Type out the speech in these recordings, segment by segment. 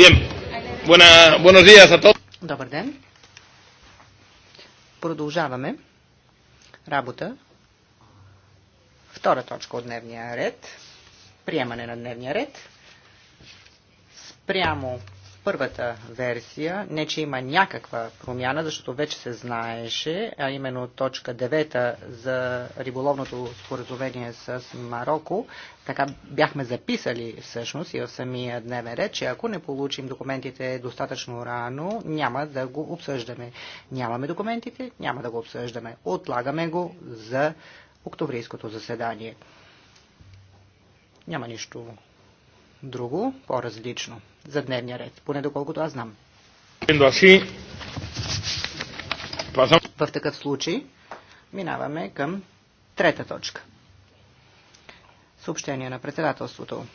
Bien, Buena, buenos días a todos. Добър ден. Продължаваме работа. Втора точка от дневния ред. Приемане на дневния ред. Спрямо първата версия, не че има някаква промяна, защото вече се знаеше, а именно точка 9 за риболовното споразумение с Марокко, така бяхме записали всъщност и в самия дневен ред, че ако не получим документите достатъчно рано, няма да го обсъждаме. Нямаме документите, няма да го обсъждаме. Отлагаме го за октоврийското заседание. Няма нищо друго, по-различно за дневния ред, поне доколкото аз знам. В такъв случай минаваме към трета точка. Съобщение на председателството.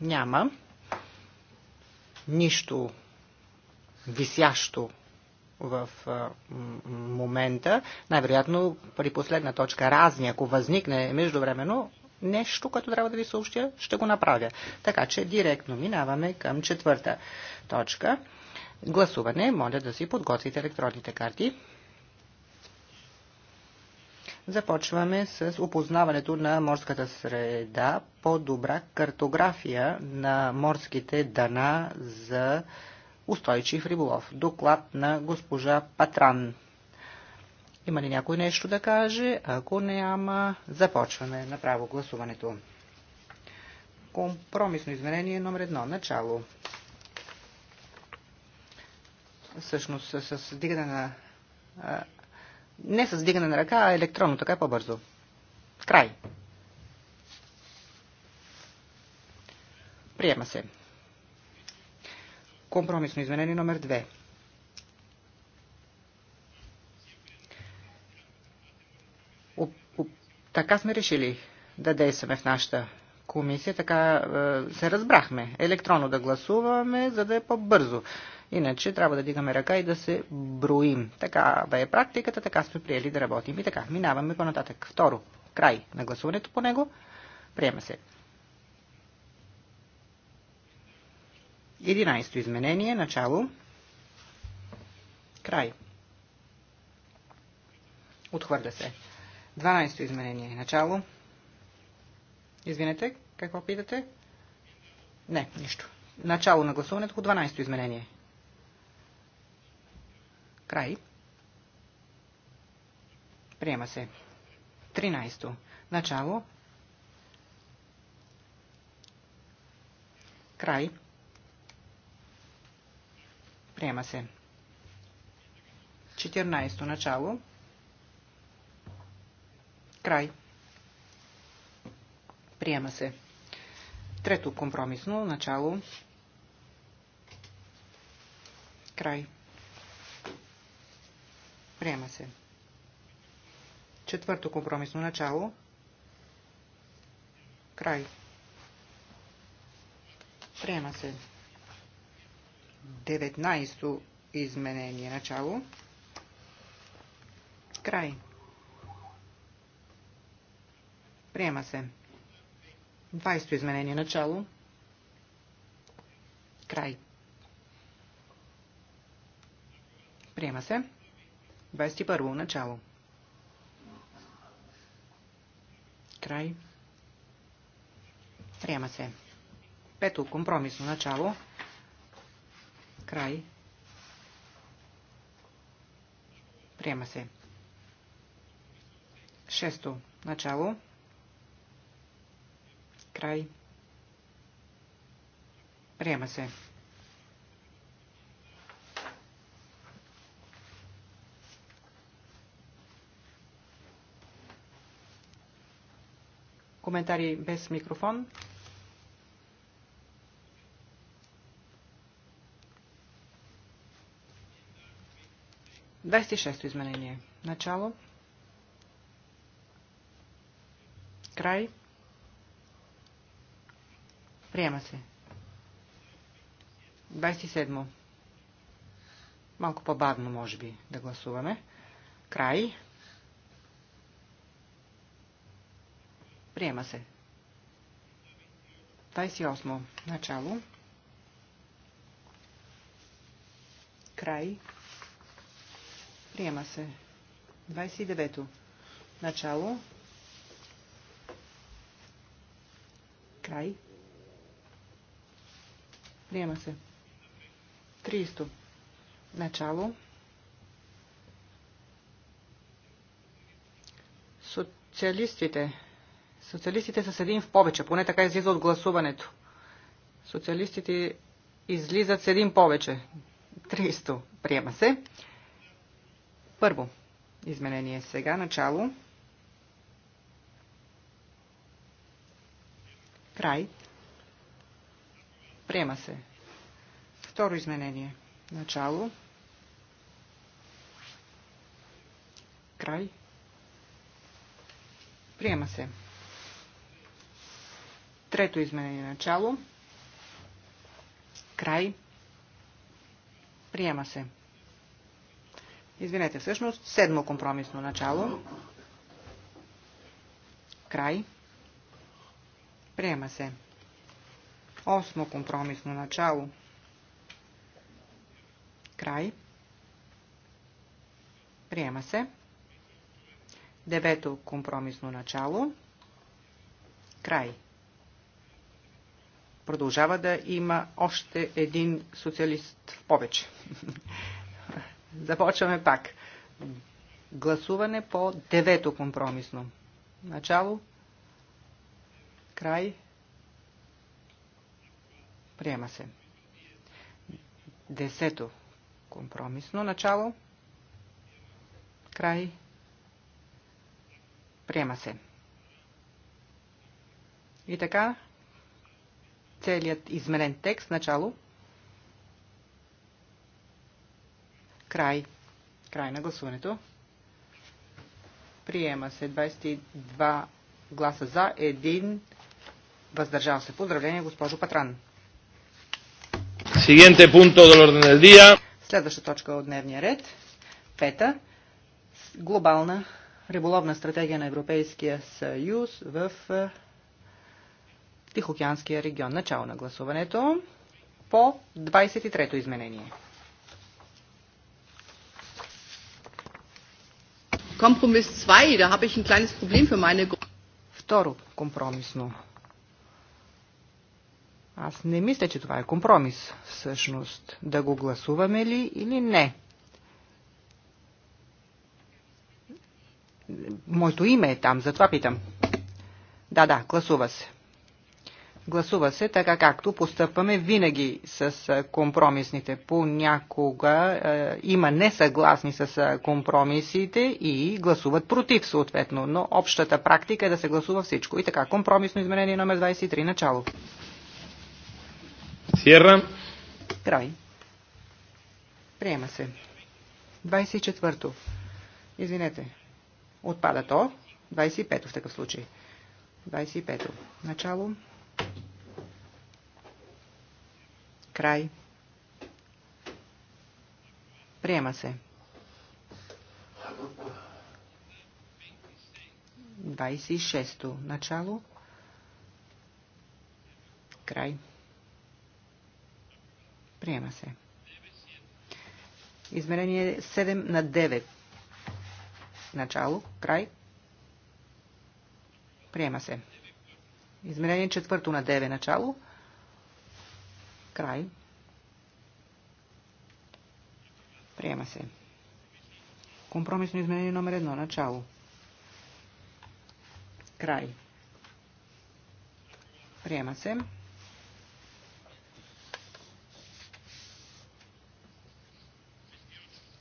Няма нищо висящо в момента. Най-вероятно при последна точка разни, ако възникне междувременно, нещо, което трябва да ви съобщя, ще го направя. Така че директно минаваме към четвърта точка. Гласуване. Моля да си подготвите електронните карти. Започваме с опознаването на морската среда по добра картография на морските дана за устойчив риболов. Доклад на госпожа Патран. Има ли някой нещо да каже? Ако няма, започваме направо гласуването. Компромисно изменение номер едно. Начало. Всъщност с, с дигане на... А, не с дигане на ръка, а електронно, така е по-бързо. Край. Приема се. Компромисно изменение номер 2. Така сме решили да действаме в нашата комисия, така е, се разбрахме. Електронно да гласуваме, за да е по-бързо. Иначе трябва да дигаме ръка и да се броим. Така бе е практиката, така сме приели да работим. И така, минаваме по-нататък. Второ, край на гласуването по него. Приема се. 11 изменение, начало. Край. Отхвърля се. 12-то изменение. Начало. Извинете, какво питате? Не, нищо. Начало на гласуването по 12-то изменение. Край. Приема се. 13-то. Начало. Край. Приема се. 14-то. Начало. Начало. Край. Приема се. Трето компромисно начало. Край. Приема се. Четвърто компромисно начало. Край. Приема се. Деветнайсто изменение начало. Край. Приема се. 20 изменение начало. Край. Приема се. 21 начало. Край. Приема се. Пето компромисно начало. Край. Приема се. Шесто начало. Край. Приема се. Коментари без микрофон. Двадесет шесто изменение. Начало. Край. Приема се. 27. Малко по-бавно, може би, да гласуваме. Край. Приема се. 28. Начало. Край. Приема се. 29. Начало. Край. Приема се. 30. Начало. Социалистите. Социалистите са с един в повече, поне така излиза от гласуването. Социалистите излизат с един повече. 300. Приема се. Първо. Изменение сега. Начало. Край. Приема се. Второ изменение. Начало. Край. Приема се. Трето изменение. Начало. Край. Приема се. Извинете, всъщност седмо компромисно начало. Край. Приема се. Осмо компромисно начало. Край. Приема се. Девето компромисно начало. Край. Продължава да има още един социалист в повече. Започваме пак. Гласуване по девето компромисно. Начало. Край. Приема се. Десето компромисно начало. Край. Приема се. И така, целият изменен текст, начало, край, край на гласуването. Приема се 22 гласа за, един. въздържал се. Поздравление, госпожо Патран. Siguiente punto del orden del día. Следваща точка от дневния ред. Пета. Глобална риболовна стратегия на Европейския съюз в е, Тихоокеанския регион. Начало на гласуването по 23-то изменение. Компромис 2, да habe ich ein kleines Problem für meine Второ компромисно аз не мисля, че това е компромис, всъщност. Да го гласуваме ли или не? Моето име е там, затова питам. Да, да, гласува се. Гласува се така както постъпваме винаги с компромисните. Понякога е, има несъгласни с компромисите и гласуват против съответно, но общата практика е да се гласува всичко. И така, компромисно изменение номер 23, начало. Сиерра. Край. Приема се. 24-то. Извинете. Отпада то. 25-то в такъв случай. 25-то. Начало. Край. Приема се. 26-то. Начало. Край. Приема се. Измерение 7 на 9. Начало, край. Приема се. Измерение 4 на 9. Начало, край. Приема се. Компромисно измерение номер 1. Начало. Край. Приема се.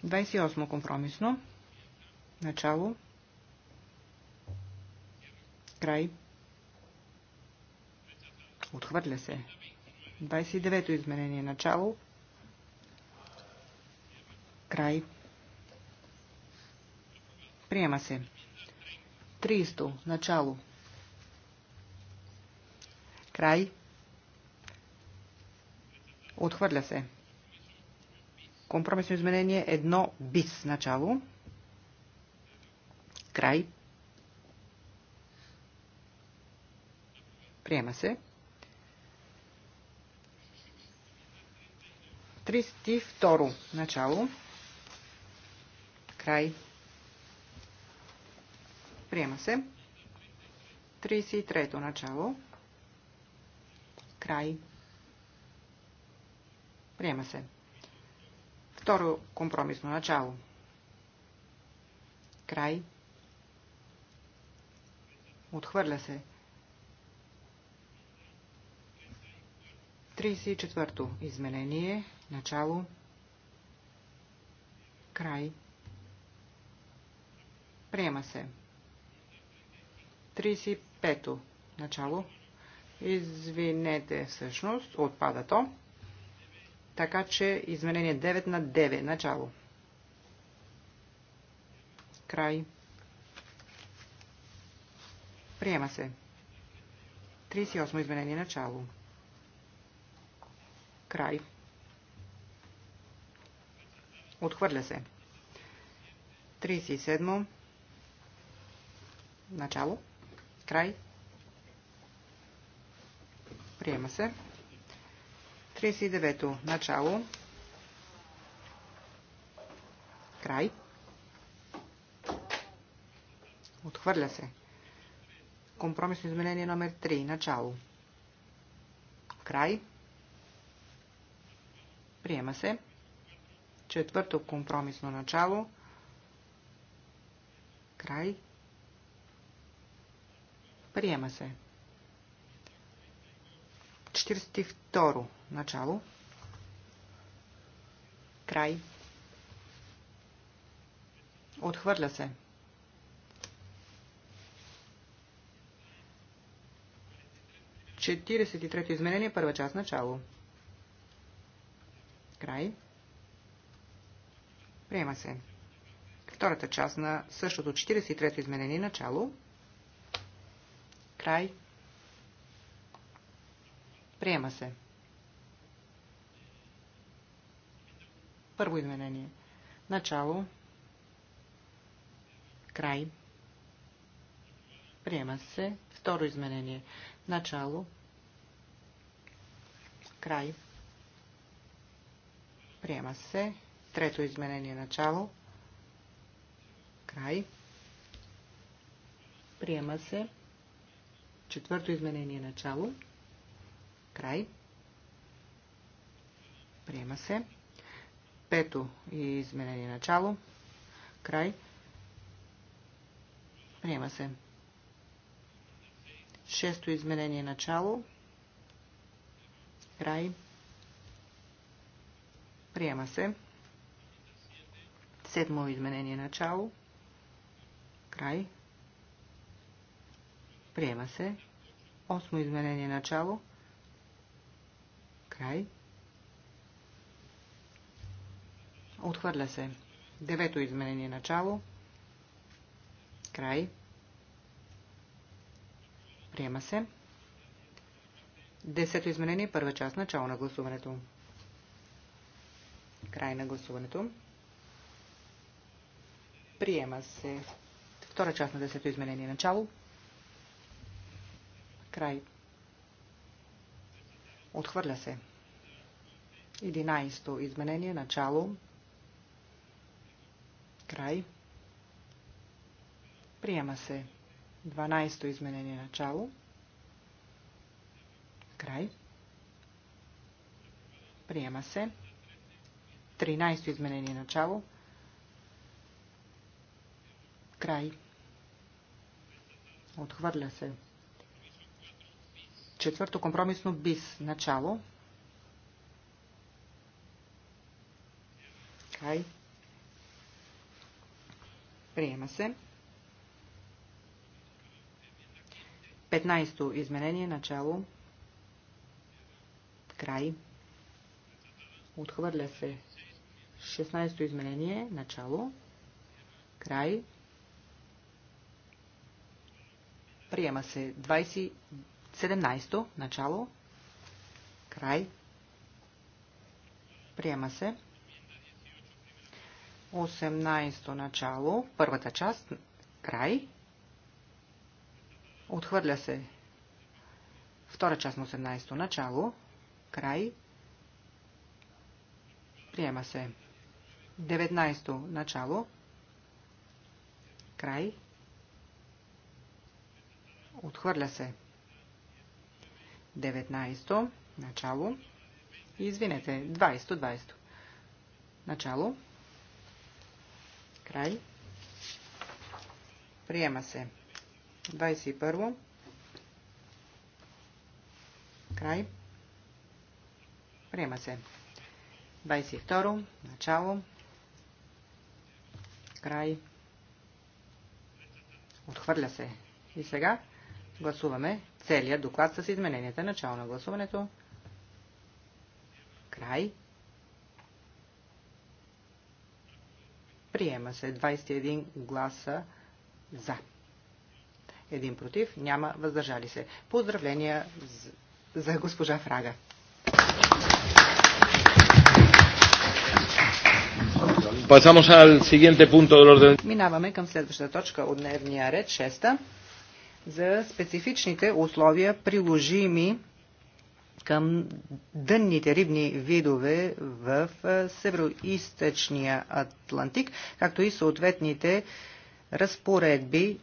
28 компромисно. Начало. Край. Отхвърля се. 29-то изменение. Начало. Край. Приема се. 30-то. Начало. Край. Отхвърля се. Компромисно изменение едно бис. Начало. Край. Приема се. 32. Начало. Край. Приема се. 33. Начало. Край. Приема се. Второ компромисно начало. Край. Отхвърля се. 34-то изменение. Начало. Край. Приема се. 35-то. Начало. Извинете, всъщност, отпада то. Така че изменение 9 на 9. Начало. Край. Приема се. 38 изменение. Начало. Край. Отхвърля се. 37. Начало. Край. Приема се. 39-то. Начало. Край. Отхвърля се. Компромисно изменение номер 3. Начало. Край. Приема се. Четвърто компромисно начало. Край. Приема се. 42. Начало. Край. Отхвърля се. Четиридесет и трето изменение, първа част, начало. Край. Приема се. Втората част на същото 43-то изменение, начало. Край. Приема се. Първо изменение. Начало. Край. Приема се. Второ изменение. Начало. Край. Приема се. Трето изменение. Начало. Край. Приема се. Четвърто изменение. Начало. Край. Приема се. Пето изменение начало. Край. Приема се. Шесто изменение начало. Край. Приема се. Седмо изменение начало. Край. Приема се. Осмо изменение начало. Край. Отхвърля се. Девето изменение начало. Край. Приема се. Десето изменение, първа част, начало на гласуването. Край на гласуването. Приема се. Втора част на десето изменение, начало. Край. Отхвърля се. Единайсто изменение, начало. Край. Приема се 12-то изменение начало. Край. Приема се 13-то изменение начало. Край. Отхвърля се. Четвърто компромисно бис начало. Край. Приема се. 15-то изменение, начало, край, отхвърля се. 16-то изменение, начало, край, приема се. 20... 17-то, начало, край, приема се. 18-то начало, първата част, край. Отхвърля се. Втора част на 18-то начало, край. Приема се. 19-то начало, край. Отхвърля се. 19-то начало. Извинете, 20-то, 20-то. Начало. Край. Приема се. 21. Край. Приема се. 22. Начало. Край. Отхвърля се. И сега гласуваме целият доклад с измененията. Начало на гласуването. Край. Приема се 21 гласа за. Един против, няма въздържали се. Поздравления за госпожа Фрага. Pasamos al siguiente punto del orden. Минаваме към следващата точка от дневния ред, шеста, за специфичните условия, приложими към дънните рибни видове в Североизточния Атлантик, както и съответните разпоредби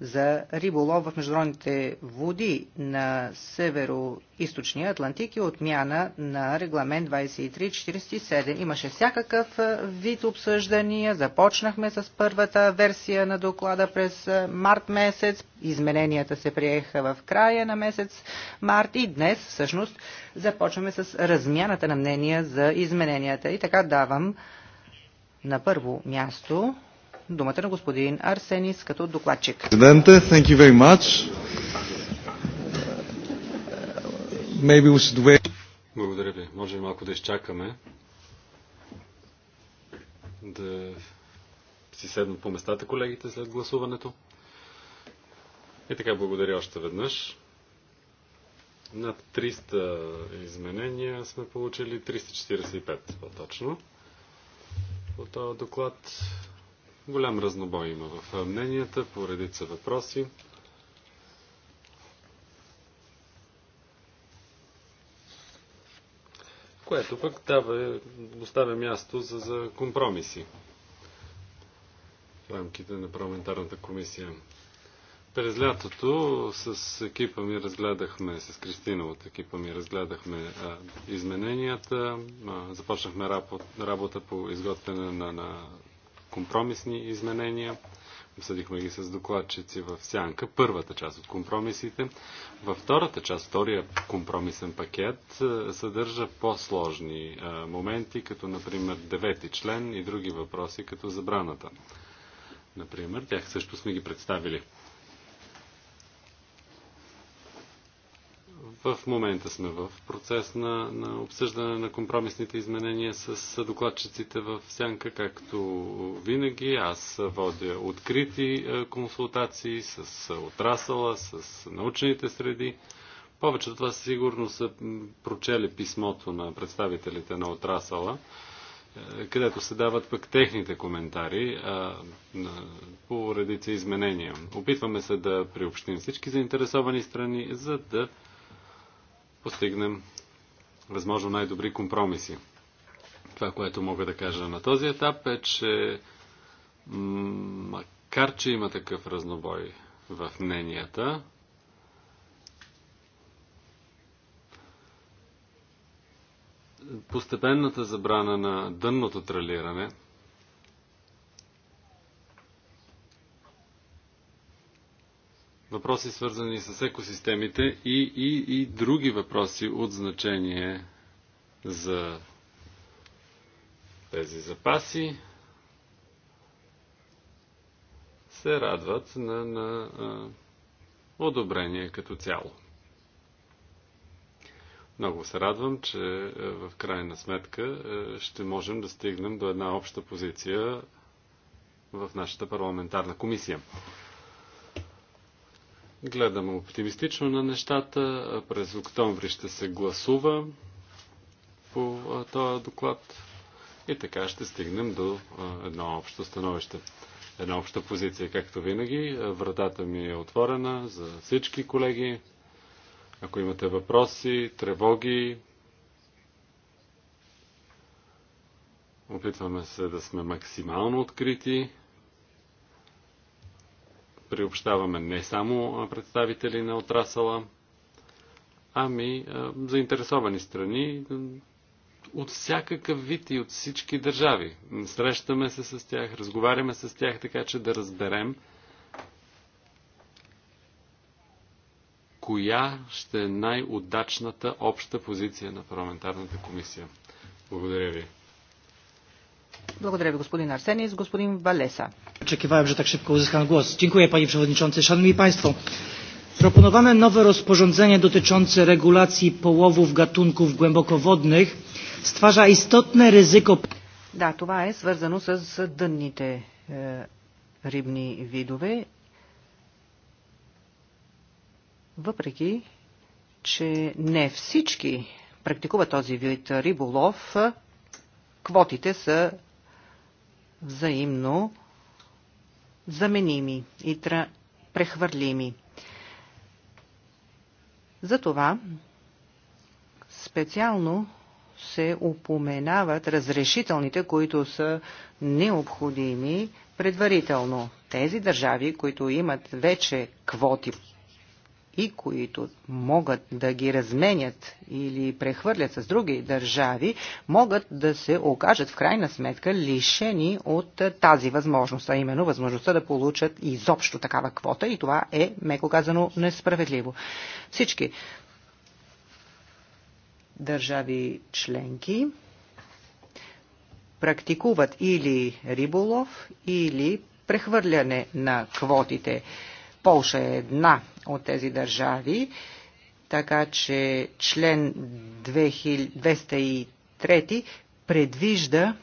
за риболов в международните води на северо-источния Атлантик и отмяна на регламент 2347. Имаше всякакъв вид обсъждания. Започнахме с първата версия на доклада през март месец. Измененията се приеха в края на месец март и днес всъщност започваме с размяната на мнения за измененията. И така давам на първо място думата е на господин Арсенис като докладчик. Благодаря ви. Може малко да изчакаме да си седнат по местата колегите след гласуването. И така, благодаря още веднъж. Над 300 изменения сме получили, 345 по-точно. От този доклад Голям разнобой има в мненията по редица въпроси. което пък дава, доставя място за, за компромиси в рамките на парламентарната комисия. През лятото с екипа ми разгледахме, с Кристина от екипа ми разгледахме а, измененията, а, започнахме работа, работа по изготвяне на, на компромисни изменения. Обсъдихме ги с докладчици в сянка. Първата част от компромисите. Във втората част, втория компромисен пакет, е, съдържа по-сложни е, моменти, като например девети член и други въпроси, като забраната. Например, тях също сме ги представили. В момента сме в процес на, на обсъждане на компромисните изменения с докладчиците в Сянка, както винаги. Аз водя открити е, консултации с отрасъла, с научните среди. Повечето от вас сигурно са прочели писмото на представителите на отрасъла, е, където се дават пък техните коментари е, а, по редица изменения. Опитваме се да приобщим всички заинтересовани страни, за да постигнем възможно най-добри компромиси. Това, което мога да кажа на този етап е, че макар, че има такъв разнобой в мненията, постепенната забрана на дънното тралиране – въпроси свързани с екосистемите и, и, и други въпроси от значение за тези запаси се радват на, на одобрение като цяло. Много се радвам, че в крайна сметка ще можем да стигнем до една обща позиция в нашата парламентарна комисия. Гледам оптимистично на нещата. През октомври ще се гласува по този доклад и така ще стигнем до едно общо становище една обща позиция, както винаги. Вратата ми е отворена за всички колеги. Ако имате въпроси, тревоги, опитваме се да сме максимално открити приобщаваме не само представители на отрасала, ами заинтересовани страни от всякакъв вид и от всички държави. Срещаме се с тях, разговаряме с тях, така че да разберем коя ще е най-удачната обща позиция на парламентарната комисия. Благодаря ви. Благодаря ви, господин Арсений. С господин Валеса. Очекивałem, że tak szybko uzyskam głos. Dziękuję, panie przewodniczący. Szanowni państwo, proponowane nowe rozporządzenie dotyczące regulacji połowów gatunków głębokowodnych stwarza istotne ryzyko. Да, това е свързано с дънните е, рибни видове. Въпреки, че не всички практикуват този вид риболов, квотите са взаимно заменими и прехвърлими. Затова специално се упоменават разрешителните, които са необходими предварително. Тези държави, които имат вече квоти и които могат да ги разменят или прехвърлят с други държави, могат да се окажат в крайна сметка лишени от тази възможност, а именно възможността да получат изобщо такава квота и това е, меко казано, несправедливо. Всички държави членки практикуват или риболов, или прехвърляне на квотите. Полша е една от тези държави, така че член 203 предвижда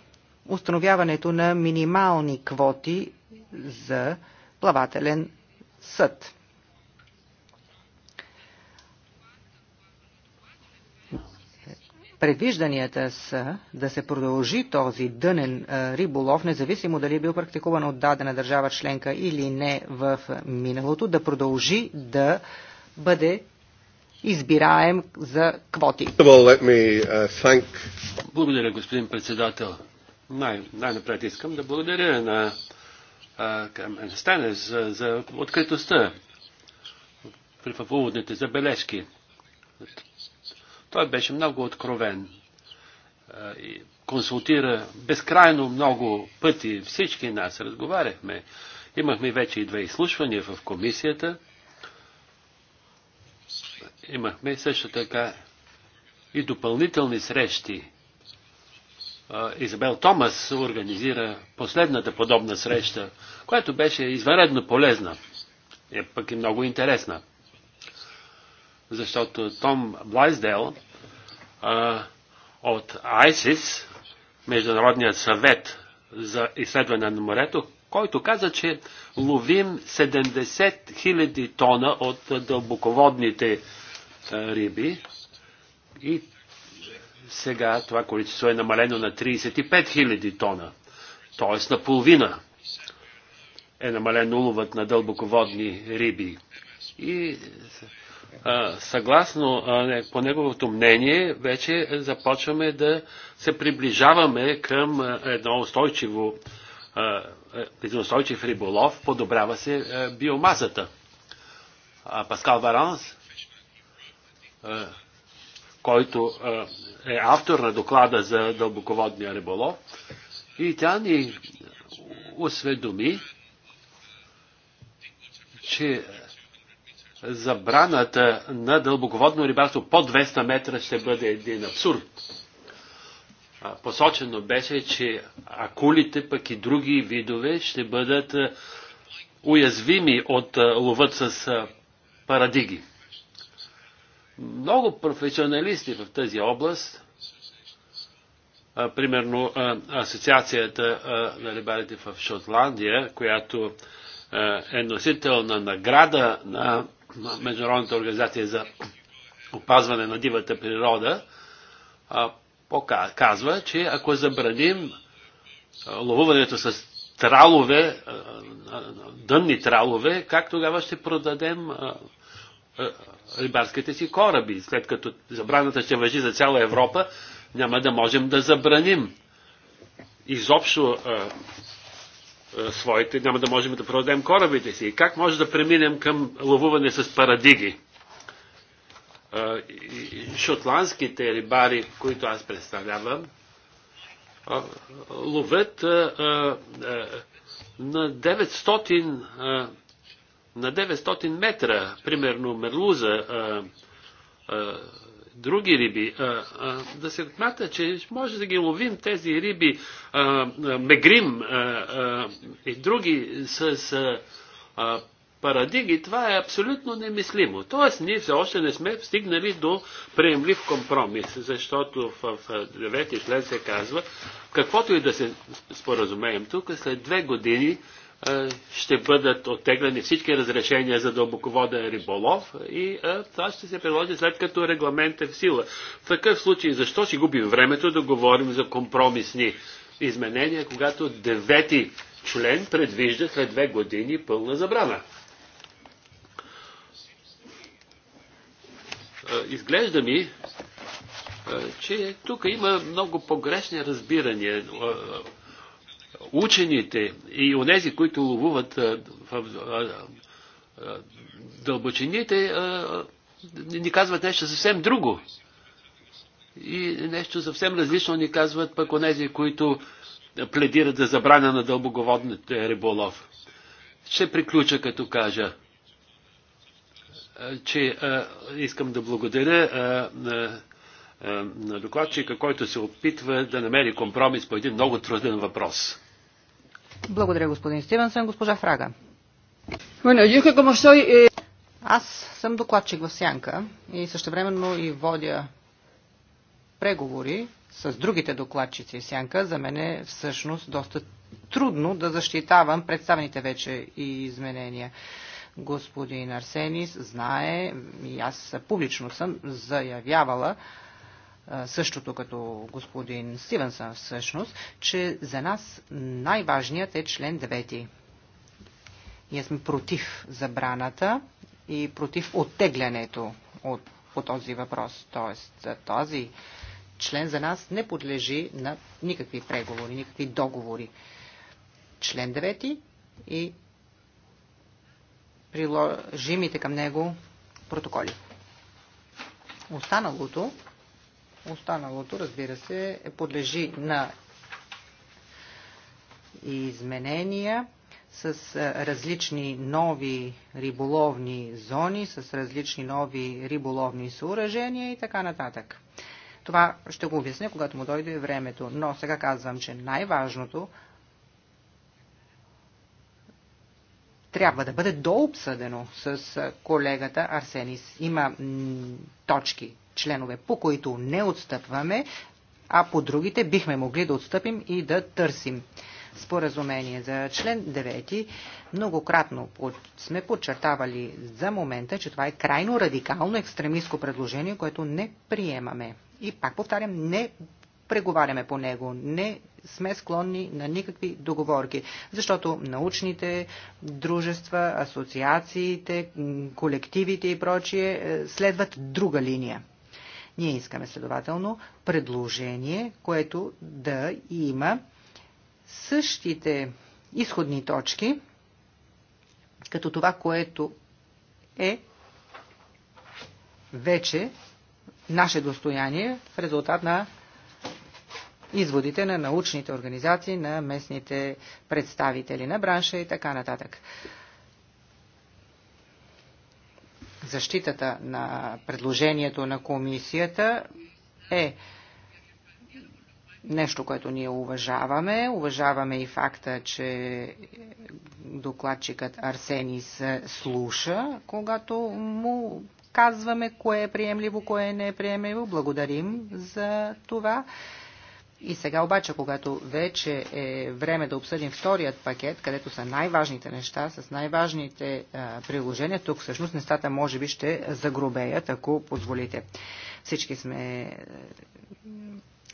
установяването на минимални квоти за плавателен съд. Предвижданията са да се продължи този дънен риболов, независимо дали е бил практикуван от дадена държава членка или не в миналото, да продължи да бъде избираем за квоти. Uh, благодаря, господин председател. Най- най-напред искам да благодаря на Стане Станес за, за откритостта в уводните забележки. Той беше много откровен. Е, и консултира безкрайно много пъти всички нас. Разговаряхме. Имахме вече и две изслушвания в комисията. Имахме също така и допълнителни срещи. Е, Изабел Томас организира последната подобна среща, която беше извънредно полезна, е пък и много интересна защото Том Блайсдел а, от ISIS, Международният съвет за изследване на морето, който каза, че ловим 70 000 тона от дълбоководните а, риби и сега това количество е намалено на 35 000 тона, т.е. наполовина е намален уловът на дълбоководни риби. И съгласно по неговото мнение, вече започваме да се приближаваме към едно устойчиво, е, един устойчив риболов, подобрява се биомасата. А Паскал Варанс, който е автор на доклада за дълбоководния риболов, и тя ни осведоми, че забраната на дълбоководно рибарство по 200 метра ще бъде един абсурд. Посочено беше, че акулите, пък и други видове ще бъдат уязвими от ловът с парадиги. Много професионалисти в тази област, примерно Асоциацията на рибарите в Шотландия, която е носител на награда на Международната организация за опазване на дивата природа казва, че ако забраним ловуването с тралове, дънни тралове, как тогава ще продадем рибарските си кораби? След като забраната ще въжи за цяла Европа, няма да можем да забраним изобщо е, своите, няма да можем да продадем корабите си. Как може да преминем към ловуване с парадиги? Е, шотландските рибари, които аз представлявам, е, ловят на 900 на 900 метра, примерно мерлуза, други риби, а, а, да се отмята, че може да ги ловим тези риби, а, мегрим а, а, и други с а, парадиги, това е абсолютно немислимо. Тоест, ние все още не сме стигнали до приемлив компромис, защото в, в девети член се казва, каквото и да се споразумеем тук, след две години е, ще бъдат оттеглени всички разрешения за дълбоководен риболов и е, това ще се приложи след като регламент е в сила. В такъв случай, защо си губим времето да говорим за компромисни изменения, когато девети член предвижда след две години пълна забрана? Е, изглежда ми, че тук има много погрешни разбирания учените и онези, които ловуват в дълбочините, ни казват нещо съвсем друго. И нещо съвсем различно ни казват пък онези, които пледират за забрана на дълбоководните риболов. Ще приключа като кажа, че искам да благодаря на, на докладчика, който се опитва да намери компромис по един много труден въпрос. Благодаря, господин Стивенсен. Госпожа Фрага. Eh, аз съм докладчик в Сянка и същевременно и водя преговори с другите докладчици в Сянка. За мен е всъщност доста трудно да защитавам представените вече и изменения. Господин Арсенис знае, и аз публично съм заявявала, същото като господин Стивенсън всъщност, че за нас най-важният е член 9. Ние сме против забраната и против оттеглянето от, по този въпрос. Тоест, този член за нас не подлежи на никакви преговори, никакви договори. Член 9 и приложимите към него протоколи. Останалото Останалото, разбира се, е, подлежи на изменения с различни нови риболовни зони, с различни нови риболовни съоръжения и така нататък. Това ще го обясня, когато му дойде времето. Но сега казвам, че най-важното трябва да бъде дообсъдено с колегата Арсенис. Има точки, членове, по които не отстъпваме, а по другите бихме могли да отстъпим и да търсим споразумение за член 9. Многократно сме подчертавали за момента, че това е крайно радикално екстремистско предложение, което не приемаме. И пак повтарям, не преговаряме по него. Не сме склонни на никакви договорки, защото научните дружества, асоциациите, колективите и прочие е, следват друга линия. Ние искаме следователно предложение, което да има същите изходни точки, като това, което е вече наше достояние в резултат на изводите на научните организации, на местните представители на бранша и така нататък защитата на предложението на комисията е нещо, което ние уважаваме. Уважаваме и факта, че докладчикът Арсений се слуша, когато му казваме кое е приемливо, кое е неприемливо. Благодарим за това. И сега обаче, когато вече е време да обсъдим вторият пакет, където са най-важните неща, с най-важните приложения, тук всъщност нещата може би ще загробеят, ако позволите. Всички сме е,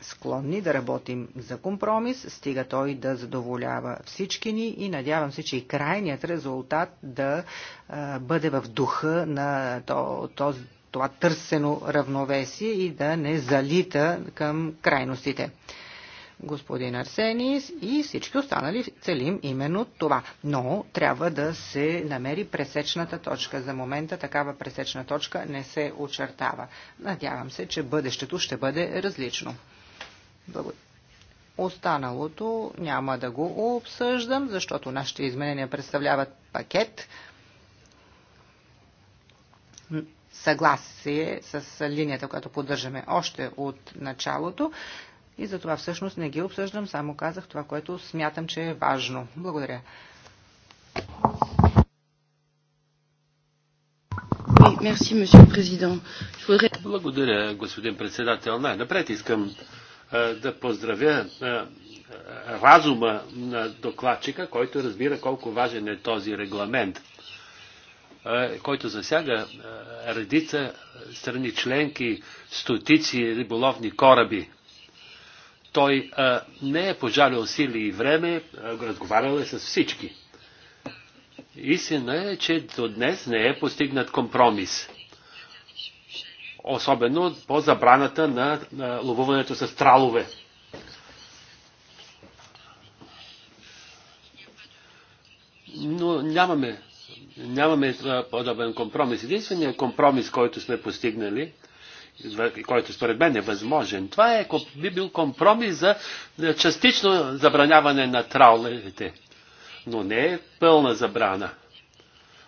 склонни да работим за компромис, стига той да задоволява всички ни и надявам се, че и крайният резултат да бъде в духа на този това търсено равновесие и да не залита към крайностите господин Арсенис и всички останали целим именно това. Но трябва да се намери пресечната точка. За момента такава пресечна точка не се очертава. Надявам се, че бъдещето ще бъде различно. Благодаря. Останалото няма да го обсъждам, защото нашите изменения представляват пакет. Съгласие с линията, която поддържаме още от началото и за това всъщност не ги обсъждам, само казах това, което смятам, че е важно. Благодаря. Благодаря, господин председател. Най-напред искам да поздравя разума на докладчика, който разбира колко важен е този регламент, който засяга редица страни членки, стотици риболовни кораби. Той а, не е пожалил сили и време, а, разговарял е с всички. Истина е, че до днес не е постигнат компромис. Особено по забраната на, на ловуването с тралове. Но нямаме, нямаме подобен компромис. Единственият компромис, който сме постигнали, който според мен е възможен. Това е, би бил компромис за частично забраняване на траулерите, но не е пълна забрана.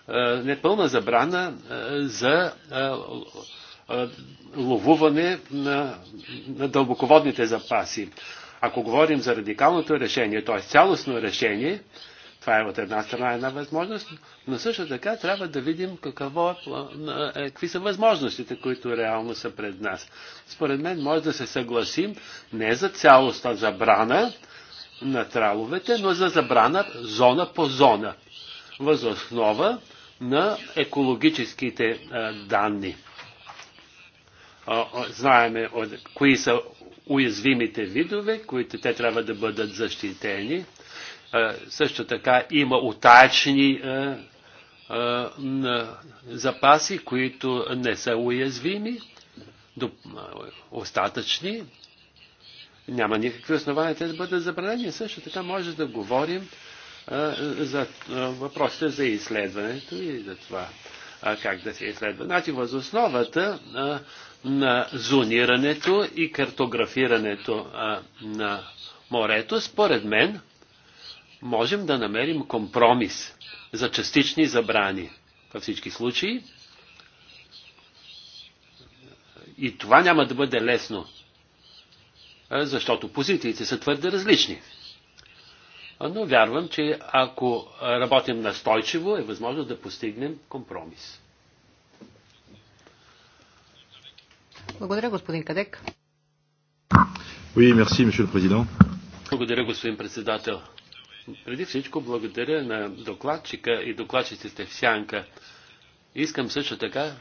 Е, не е пълна забрана е, за е, ловуване на, на дълбоководните запаси. Ако говорим за радикалното решение, т.е. цялостно решение, това е от една страна една възможност, но също така трябва да видим какво, е е, какви са възможностите, които реално са пред нас. Според мен може да се съгласим не за цялостта забрана на траловете, но за забрана зона по зона, възоснова на екологическите е, данни. Знаеме кои са уязвимите видове, които те трябва да бъдат защитени е, също така има утачни е, е, запаси, които не са уязвими, остатъчни. Няма никакви основания те да бъдат забранени. Също така може да говорим за въпросите за изследването и за това как да се изследва. Значи възосновата на зонирането и картографирането на морето, според мен, можем да намерим компромис за частични забрани във всички случаи. И това няма да бъде лесно, защото позициите са твърде различни. Но вярвам, че ако работим настойчиво, е възможно да постигнем компромис. Благодаря, господин Кадек. Oui, merci, Благодаря, господин председател. Преди всичко благодаря на докладчика и докладчиците в Сянка. Искам също така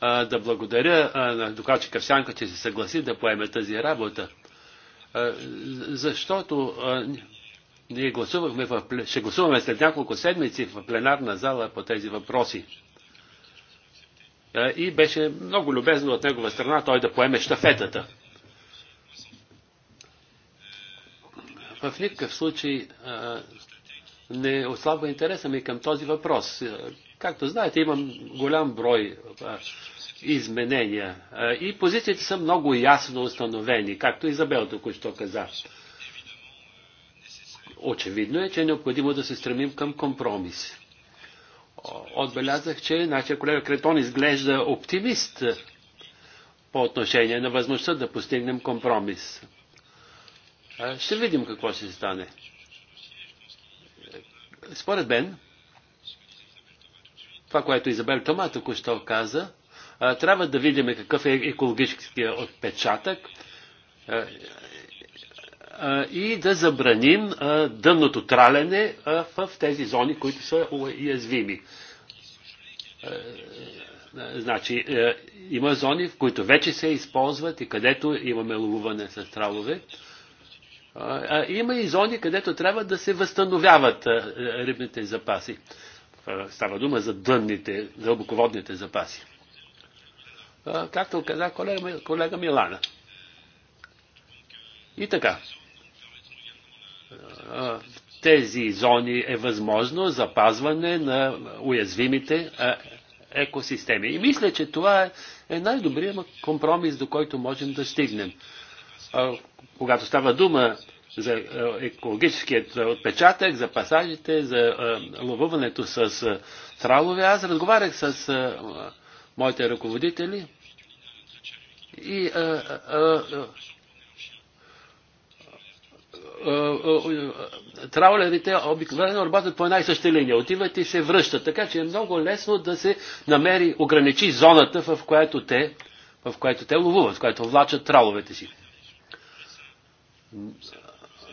а, да благодаря а, на докладчика в Сянка, че се съгласи да поеме тази работа. А, защото а, ние гласувахме в, ще гласуваме след няколко седмици в пленарна зала по тези въпроси. А, и беше много любезно от негова страна той да поеме штафетата. в никакъв случай не ослабва интереса ми към този въпрос. Както знаете, имам голям брой изменения и позициите са много ясно установени, както Изабел току-що каза. Очевидно е, че е необходимо да се стремим към компромис. Отбелязах, че нашия колега Кретон изглежда оптимист по отношение на възможността да постигнем компромис. Ще видим какво ще стане. Според мен, това, което Изабел Тома току-що каза, трябва да видим какъв е екологическия отпечатък и да забраним дъното тралене в тези зони, които са уязвими. Значи, има зони, в които вече се използват и където имаме ловуване с тралове. А, има и зони, където трябва да се възстановяват а, рибните запаси. А, става дума за дънните, дълбоководните запаси. А, както каза колега, колега Милана. И така. В тези зони е възможно запазване на уязвимите а, екосистеми. И мисля, че това е най-добрият компромис, до който можем да стигнем когато става дума за екологическият отпечатък, за пасажите, за ловуването с тралове, аз разговарях с моите ръководители и траулерите обикновено работят по една и съща линия. Отиват и се връщат. Така че е много лесно да се намери, ограничи зоната, в която те, в която те ловуват, в която влачат траловете си.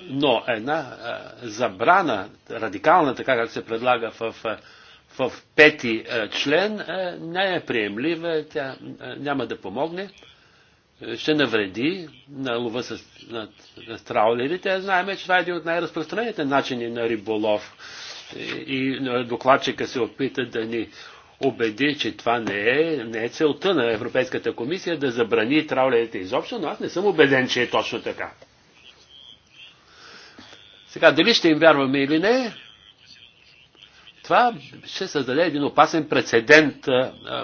Но една е, забрана, радикална, така как се предлага в, в пети е, член, е, не е приемлива, тя няма да помогне ще навреди на лова с, на, на траулерите. Знаеме, че това е един от най-разпространените начини на риболов. И, и докладчика се опита да ни убеди, че това не е, не е целта на Европейската комисия да забрани траулерите изобщо, но аз не съм убеден, че е точно така. Сега, дали ще им вярваме или не, това ще създаде един опасен прецедент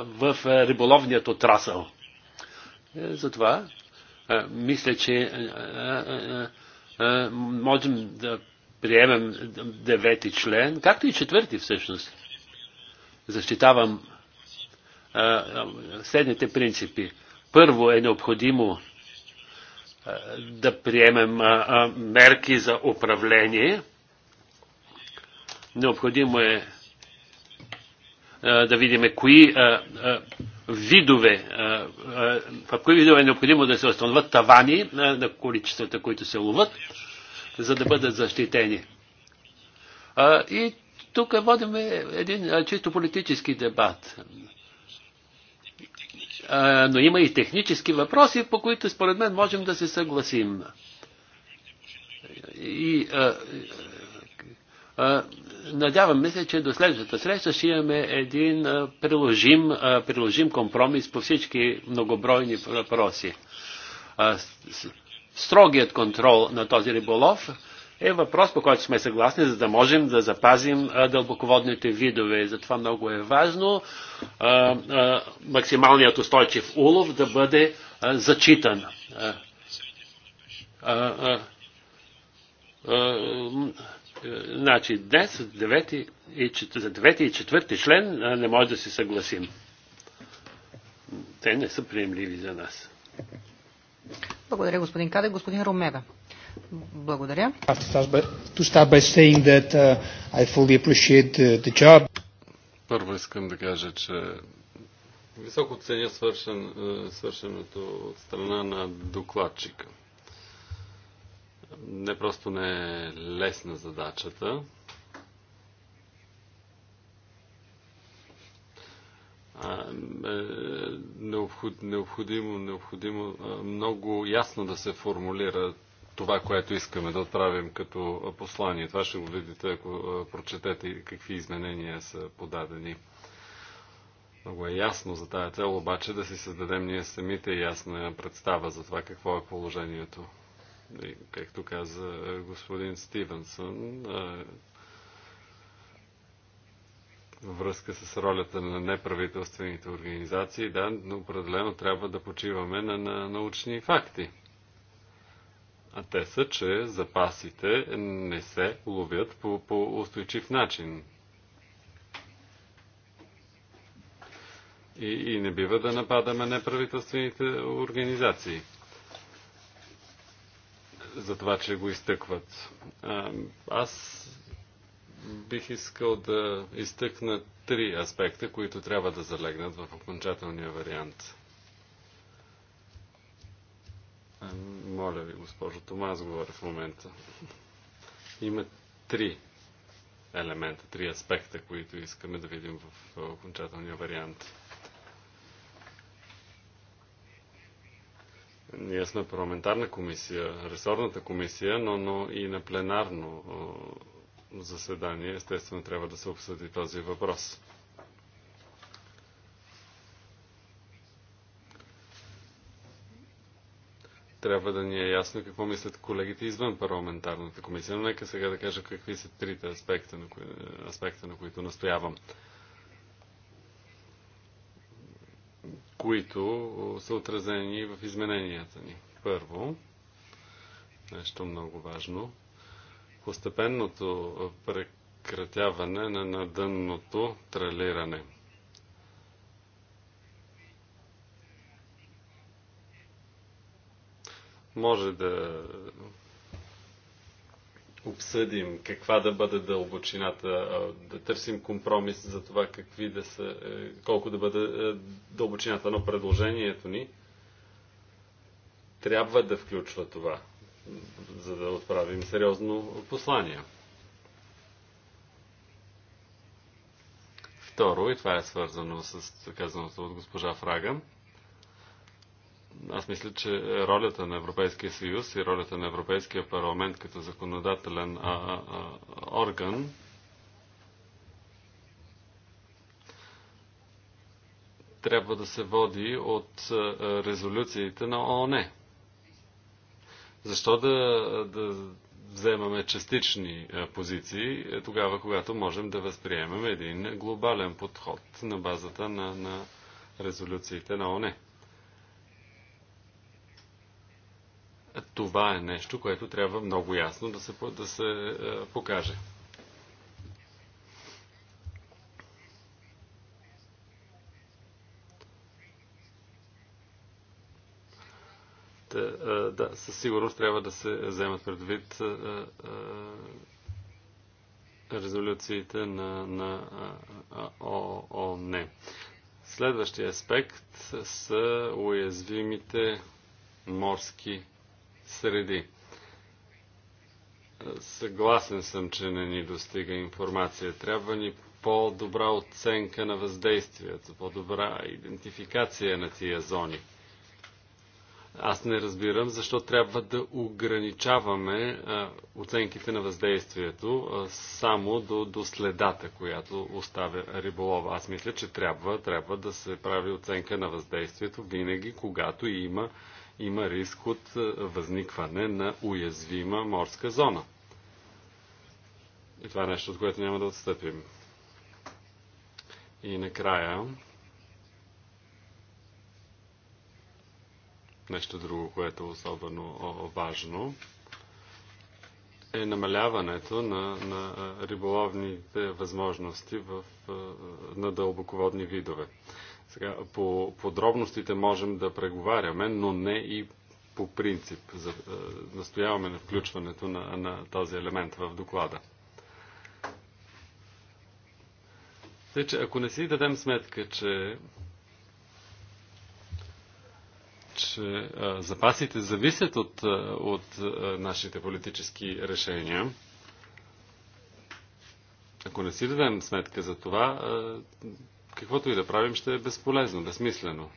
в риболовният отрасъл. Е, затова мисля, че можем да приемем девети член, както и четвърти всъщност. Защитавам следните принципи. Първо е необходимо е, да приемем е, е, мерки за управление. Необходимо е да видим кои видове, в кои видове е необходимо да се установят тавани на количествата, които се ловат, за да бъдат защитени. И тук водим един чисто политически дебат но има и технически въпроси, по които според мен можем да се съгласим. И а, а, надяваме се, че до следващата среща ще имаме един а, приложим, а, приложим компромис по всички многобройни въпроси. А, с, строгият контрол на този риболов е въпрос, по който сме съгласни, за да можем да запазим дълбоководните видове. Затова много е важно а, а, максималният устойчив улов да бъде а, зачитан. Е, значи днес за 9 и 4 член не може да се съгласим. Те не са приемливи за нас. Благодаря, господин Каде. Господин Ромега. Благодаря. Uh, Първо искам да кажа, че високо ценя свършен, е, свършеното от страна на докладчика. Не просто не е лесна задачата. А, е, необходимо, необходимо е, много ясно да се формулират това, което искаме да отправим като послание. Това ще го видите, ако прочетете какви изменения са подадени. Много е ясно за тая цел, обаче да си създадем ние самите ясна представа за това какво е положението. И, както каза господин Стивенсън, във връзка с ролята на неправителствените организации, да, определено трябва да почиваме на, на научни факти а те са, че запасите не се ловят по, по устойчив начин. И, и не бива да нападаме неправителствените организации за това, че го изтъкват. Аз бих искал да изтъкна три аспекта, които трябва да залегнат в окончателния вариант. Моля ви, госпожо Томас, говоря в момента. Има три елемента, три аспекта, които искаме да видим в окончателния вариант. Ние сме парламентарна комисия, ресорната комисия, но, но и на пленарно заседание, естествено, трябва да се обсъди този въпрос. трябва да ни е ясно какво мислят колегите извън парламентарната комисия. Но нека сега да кажа какви са трите аспекта, на, кои... аспекта, на които настоявам. които са отразени в измененията ни. Първо, нещо много важно, постепенното прекратяване на надънното тралиране – Може да обсъдим каква да бъде дълбочината, да търсим компромис за това какви да са, е, колко да бъде е, дълбочината на предложението ни, трябва да включва това, за да отправим сериозно послание. Второ, и това е свързано с казаното от госпожа Фрага, аз мисля, че ролята на Европейския съюз и ролята на Европейския парламент като законодателен а, а, а, орган трябва да се води от резолюциите на ООН. Защо да, да вземаме частични позиции е, тогава, когато можем да възприемем един глобален подход на базата на, на резолюциите на ОНЕ? Това е нещо, което трябва много ясно да се, да се е, покаже. Е, да, със сигурност трябва да се вземат предвид е, резолюциите на, на не. Следващия аспект са уязвимите морски среди. Е, съгласен съм, че не ни достига информация. Трябва ни по-добра оценка на въздействието, по-добра идентификация на тия зони. Аз не разбирам защо трябва да ограничаваме а, е, оценките на въздействието а, е, само до, до следата, която оставя риболова. Аз мисля, че трябва, трябва да се прави оценка на въздействието винаги, когато има има риск от е, възникване на уязвима морска зона. И това е нещо, от което няма да отстъпим. И накрая, нещо друго, което е особено важно, е намаляването на, на е, риболовните възможности в, е, на дълбоководни видове. Сега, по подробностите можем да преговаряме, но не и по принцип. За, е, настояваме на включването на, на този елемент в доклада. Тъй, че ако не си дадем сметка, че че е, запасите зависят от, е, от е, нашите политически решения. Ако не си дадем сметка за това, е, каквото и да правим ще е безполезно, безсмислено.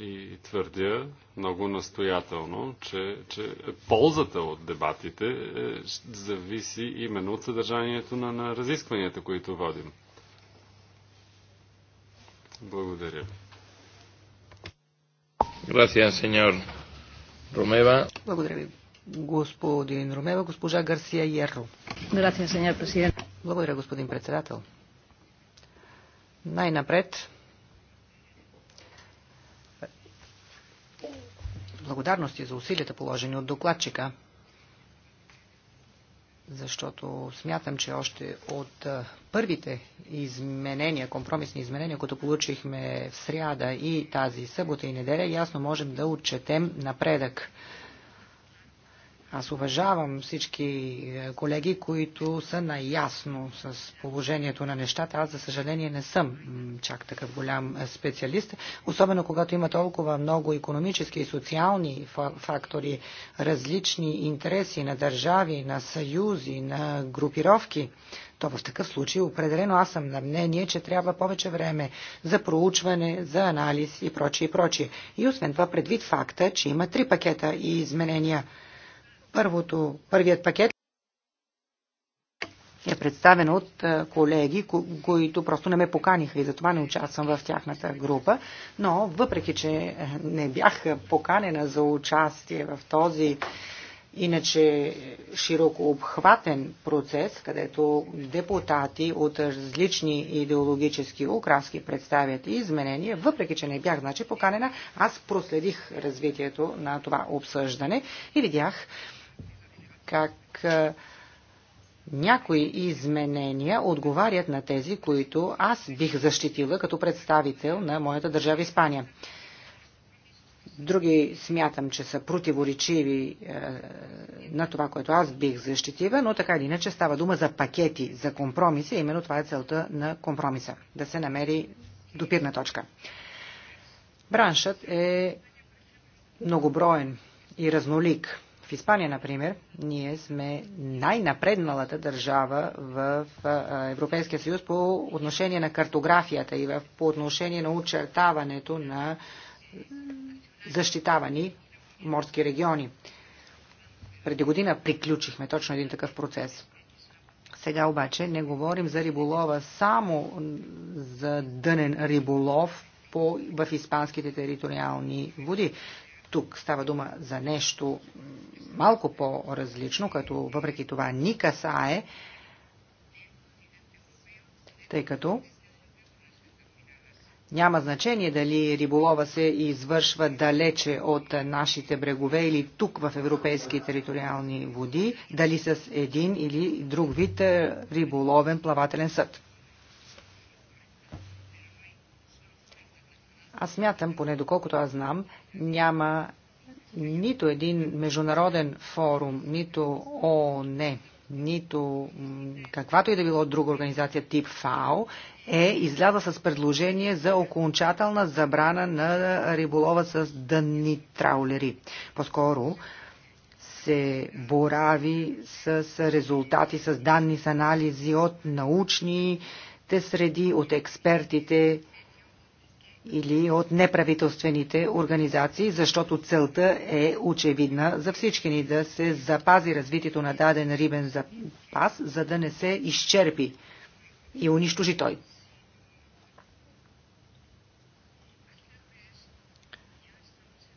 И твърдя много настоятелно, че, че ползата от дебатите е, зависи именно от съдържанието на, на разискванията, които водим. Благодаря Gracias, señor Romeva. Благодаря ви, господин Ромева. Госпожа Гарсия Ярро. Gracias, señor presidente. Благодаря, господин председател. Най-напред благодарности за усилията положени от докладчика, защото смятам, че още от първите изменения, компромисни изменения, които получихме в сряда и тази събота и неделя, ясно можем да отчетем напредък аз уважавам всички е, колеги, които са наясно с положението на нещата. Аз, за съжаление, не съм чак такъв голям е, специалист, особено когато има толкова много економически и социални фактори, различни интереси на държави, на съюзи, на групировки. То в такъв случай определено аз съм на мнение, че трябва повече време за проучване, за анализ и прочие и прочие. И освен това предвид факта, че има три пакета и изменения – Първото, първият пакет е представен от е, колеги, които просто не ме поканиха и затова не участвам в тяхната група. Но въпреки, че е, не бях поканена за участие в този иначе широко обхватен процес, където депутати от различни идеологически украски представят и изменения, въпреки че не бях значи поканена, аз проследих развитието на това обсъждане и видях, как някои изменения отговарят на тези, които аз бих защитила като представител на моята държава Испания. Други смятам, че са противоречиви е, на това, което аз бих защитила, но така или иначе става дума за пакети, за компромиси. Именно това е целта на компромиса. Да се намери допирна точка. Браншът е многоброен и разнолик. В Испания, например, ние сме най-напредналата държава в Европейския съюз по отношение на картографията и по отношение на очертаването на защитавани морски региони. Преди година приключихме точно един такъв процес. Сега обаче не говорим за риболова само за дънен риболов по, в испанските териториални води. Тук става дума за нещо малко по-различно, като въпреки това ни касае, тъй като няма значение дали риболова се извършва далече от нашите брегове или тук в европейски териториални води, дали с един или друг вид е, риболовен плавателен съд. Аз мятам, поне доколкото аз знам, няма нито един международен форум, нито ООН, нито каквато и да било друга организация тип ФАО, е изляза с предложение за окончателна забрана на риболова с дънни траулери. По-скоро се борави с резултати, с данни, с анализи от научните среди, от експертите или от неправителствените организации, защото целта е очевидна за всички ни да се запази развитието на даден рибен запас, за да не се изчерпи и унищожи той.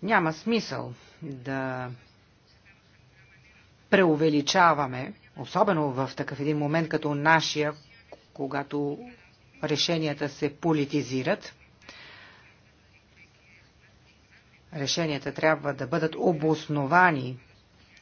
Няма смисъл да преувеличаваме, особено в такъв един момент като нашия, когато решенията се политизират – решенията трябва да бъдат обосновани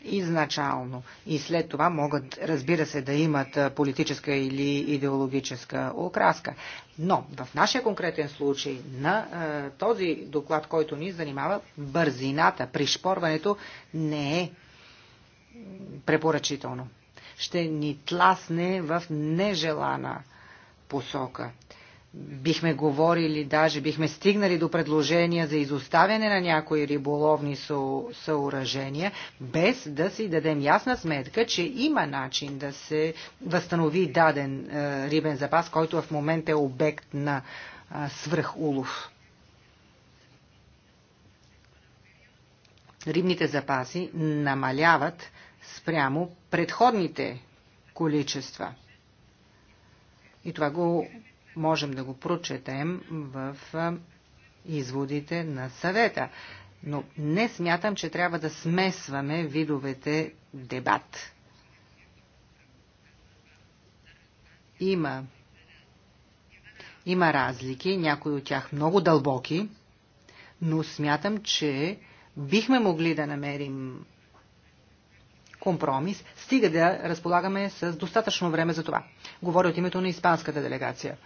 изначално и след това могат, разбира се, да имат политическа или идеологическа окраска. Но в нашия конкретен случай на е, този доклад, който ни занимава, бързината, пришпорването не е препоръчително. Ще ни тласне в нежелана посока бихме говорили, даже бихме стигнали до предложения за изоставяне на някои риболовни съоръжения, без да си дадем ясна сметка, че има начин да се възстанови даден е, рибен запас, който в момента е обект на е, свръхулов. Рибните запаси намаляват спрямо предходните количества. И това го Можем да го прочетем в изводите на съвета. Но не смятам, че трябва да смесваме видовете дебат. Има има разлики, някои от тях много дълбоки, но смятам, че бихме могли да намерим компромис, стига да разполагаме с достатъчно време за това. Говоря от името на испанската делегация.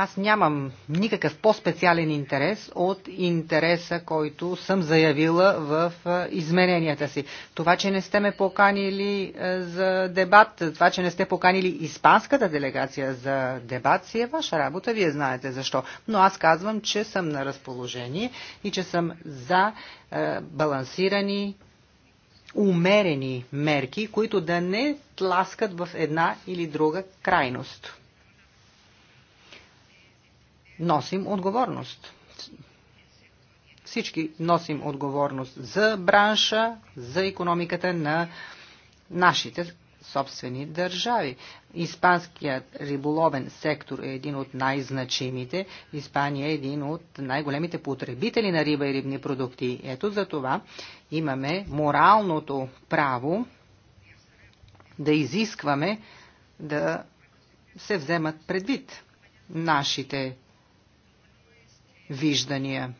Аз нямам никакъв по-специален интерес от интереса, който съм заявила в измененията си. Това, че не сте ме поканили за дебат, това, че не сте поканили испанската делегация за дебат, си е ваша работа, вие знаете защо. Но аз казвам, че съм на разположение и че съм за балансирани умерени мерки, които да не тласкат в една или друга крайност носим отговорност. Всички носим отговорност за бранша, за економиката на нашите собствени държави. Испанският риболовен сектор е един от най-значимите. Испания е един от най-големите потребители на риба и рибни продукти. Ето за това имаме моралното право да изискваме да се вземат предвид нашите виждания.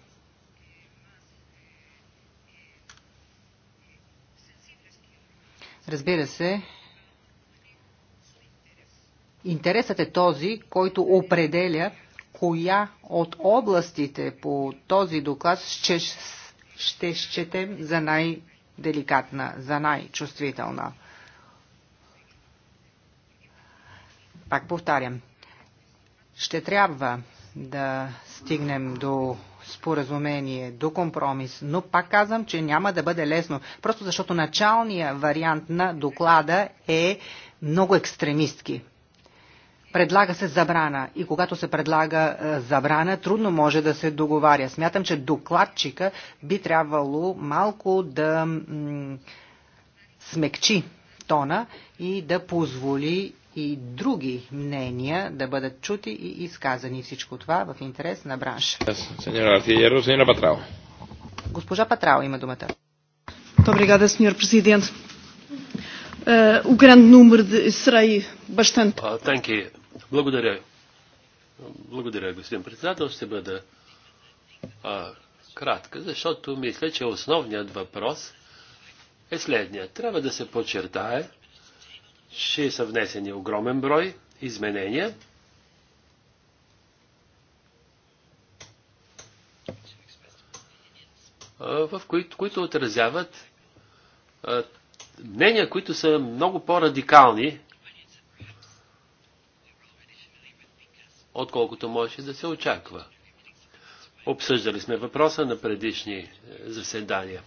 Разбира се, интересът е този, който определя коя от областите по този доклад ще, ще счетем за най-деликатна, за най-чувствителна. Пак повтарям, ще трябва да стигнем до споразумение, до компромис, но пак казвам, че няма да бъде лесно, просто защото началният вариант на доклада е много екстремистки. Предлага се забрана и когато се предлага е, забрана, трудно може да се договаря. Смятам, че докладчика би трябвало малко да смекчи тона и да позволи и други мнения да бъдат чути и изказани. Всичко това в интерес на бранша. Госпожа Патрао има думата. Obrigada, Sr. Presidente. Uh, o grande número de... Serei bastante... Uh, Благодаря. Благодаря, господин председател. Ще бъда а, uh, кратка, защото мисля, че основният въпрос е следният. Трябва да се подчертае, ще са внесени огромен брой изменения. в които, които отразяват а, мнения, които са много по-радикални, отколкото може да се очаква. Обсъждали сме въпроса на предишни заседания.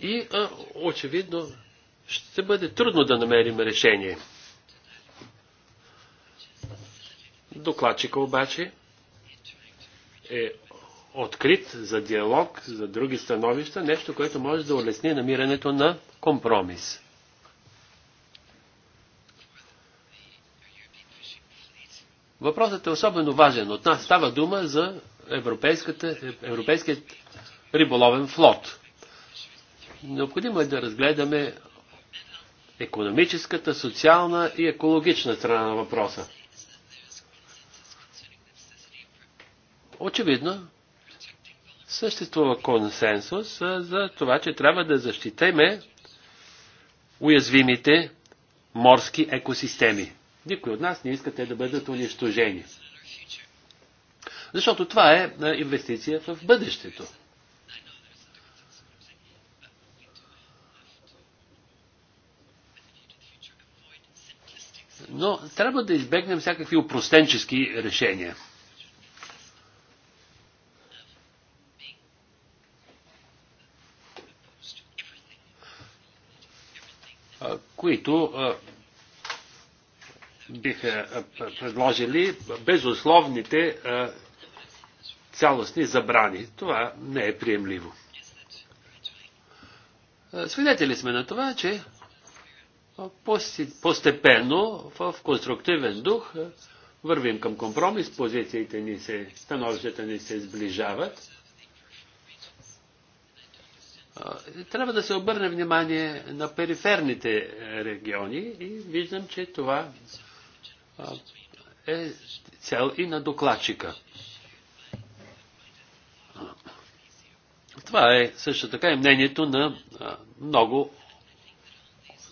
И а, очевидно ще бъде трудно да намерим решение. Докладчика обаче е открит за диалог, за други становища, нещо, което може да улесни намирането на компромис. Въпросът е особено важен. От нас става дума за европейският риболовен флот. Необходимо е да разгледаме економическата, социална и екологична страна на въпроса. Очевидно, съществува консенсус за това, че трябва да защитеме уязвимите морски екосистеми. Никой от нас не иска те да бъдат унищожени. Защото това е инвестиция в бъдещето. но трябва да избегнем всякакви упростенчески решения. които биха предложили безусловните цялостни забрани. Това не е приемливо. Свидетели сме на това, че постепенно, в конструктивен дух, е, вървим към компромис, позициите ни се, становищата ни се сближават. Трябва да се обърне внимание на периферните е, региони и виждам, че това е цел и на докладчика. Това е също така и мнението на много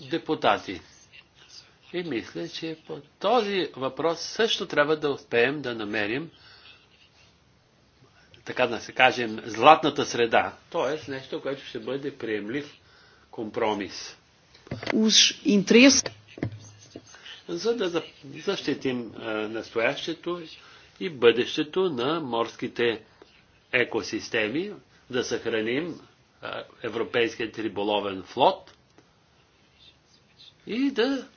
депутати. И мисля, че по този въпрос също трябва да успеем да намерим, така да се кажем, златната среда. Тоест нещо, което ще бъде приемлив компромис. Уж интерес. За да защитим настоящето и бъдещето на морските екосистеми, да съхраним европейският риболовен флот и да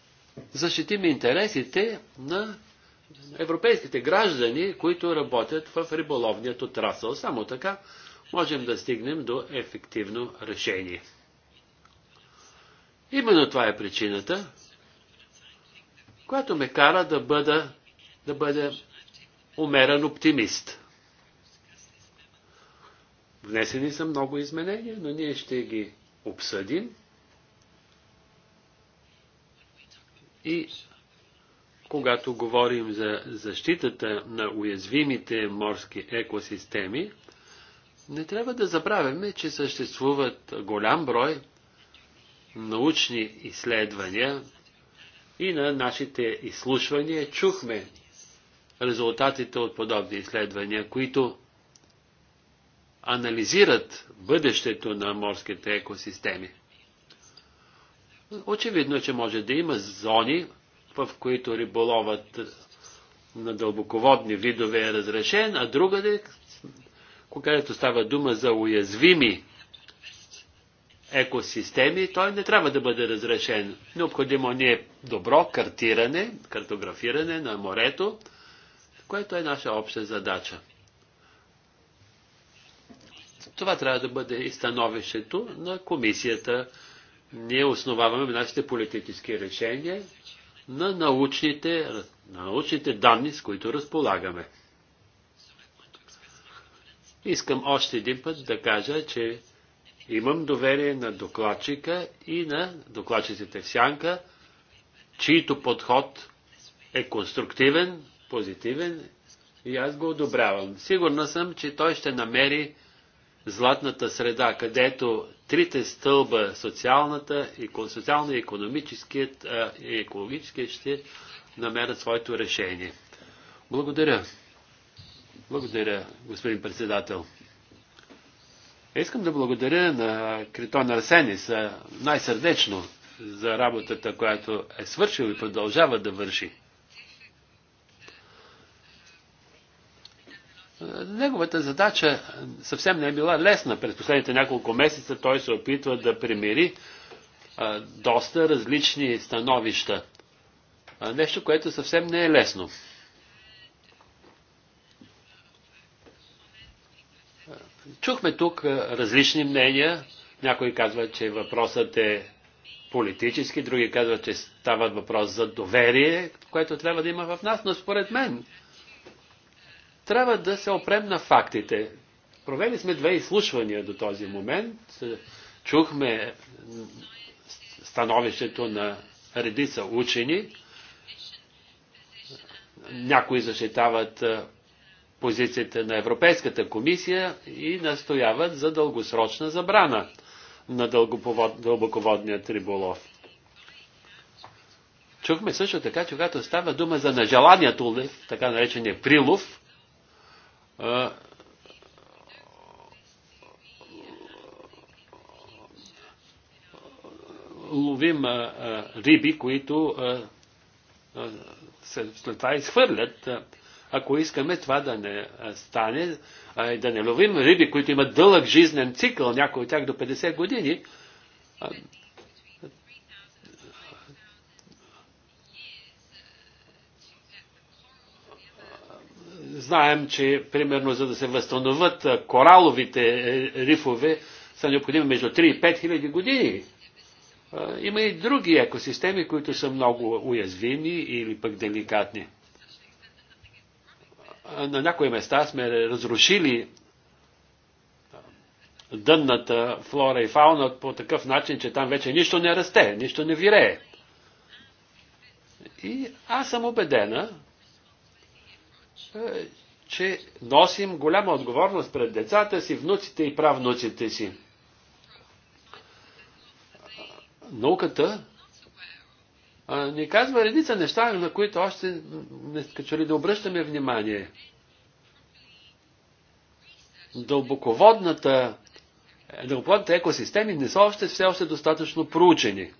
защитим интересите на европейските граждани, които работят в риболовният отрасъл. Само така можем да стигнем до ефективно решение. Именно това е причината, която ме кара да бъда, да бъда умерен оптимист. Внесени са много изменения, но ние ще ги обсъдим И когато говорим за защитата на уязвимите морски екосистеми, не трябва да забравяме, че съществуват голям брой научни изследвания и на нашите изслушвания чухме резултатите от подобни изследвания, които анализират бъдещето на морските екосистеми. Очевидно е, че може да има зони, в които риболовът на дълбоководни видове е разрешен, а другаде, когато става дума за уязвими екосистеми, той не трябва да бъде разрешен. Необходимо ни е добро картиране, картографиране на морето, което е наша обща задача. Това трябва да бъде и становището на комисията ние основаваме нашите политически решения на научните, на научните данни, с които разполагаме. Искам още един път да кажа, че имам доверие на докладчика и на докладчиците в сянка, чийто подход е конструктивен, позитивен и аз го одобрявам. Сигурна съм, че той ще намери златната среда, където трите стълба, социалната, социално-економическият и екологическият ще намерят своето решение. Благодаря. Благодаря, господин председател. Искам да благодаря на Критон Арсенис най-сърдечно за работата, която е свършил и продължава да върши. Неговата задача съвсем не е била лесна. През последните няколко месеца той се опитва да примири доста различни становища. нещо, което съвсем не е лесно. Чухме тук различни мнения. Някои казват, че въпросът е политически, други казват, че става въпрос за доверие, което трябва да има в нас, но според мен трябва да се опрем на фактите. Провели сме две изслушвания до този момент. Чухме становището на редица учени. Някои защитават позицията на Европейската комисия и настояват за дългосрочна забрана на дълбоководния триболов. Чухме също така, че когато става дума за нежеланият улов, така наречения прилов, ловим риби, които след това изхвърлят. Ако искаме това да не стане, да не ловим риби, които имат дълъг жизнен цикъл, някои от тях до 50 години, Знаем, че примерно за да се възстановят кораловите е, рифове са необходими между 3 и 5 хиляди години. Има и други екосистеми, които са много уязвими или пък деликатни. На някои места сме разрушили дънната флора и фауна по такъв начин, че там вече нищо не расте, нищо не вирее. И аз съм убедена, че носим голяма отговорност пред децата си, внуците и правнуците си. Науката ни казва редица неща, на които още не като ли да обръщаме внимание. Дълбоководната, дълбоководната екосистеми не са още все още достатъчно проучени.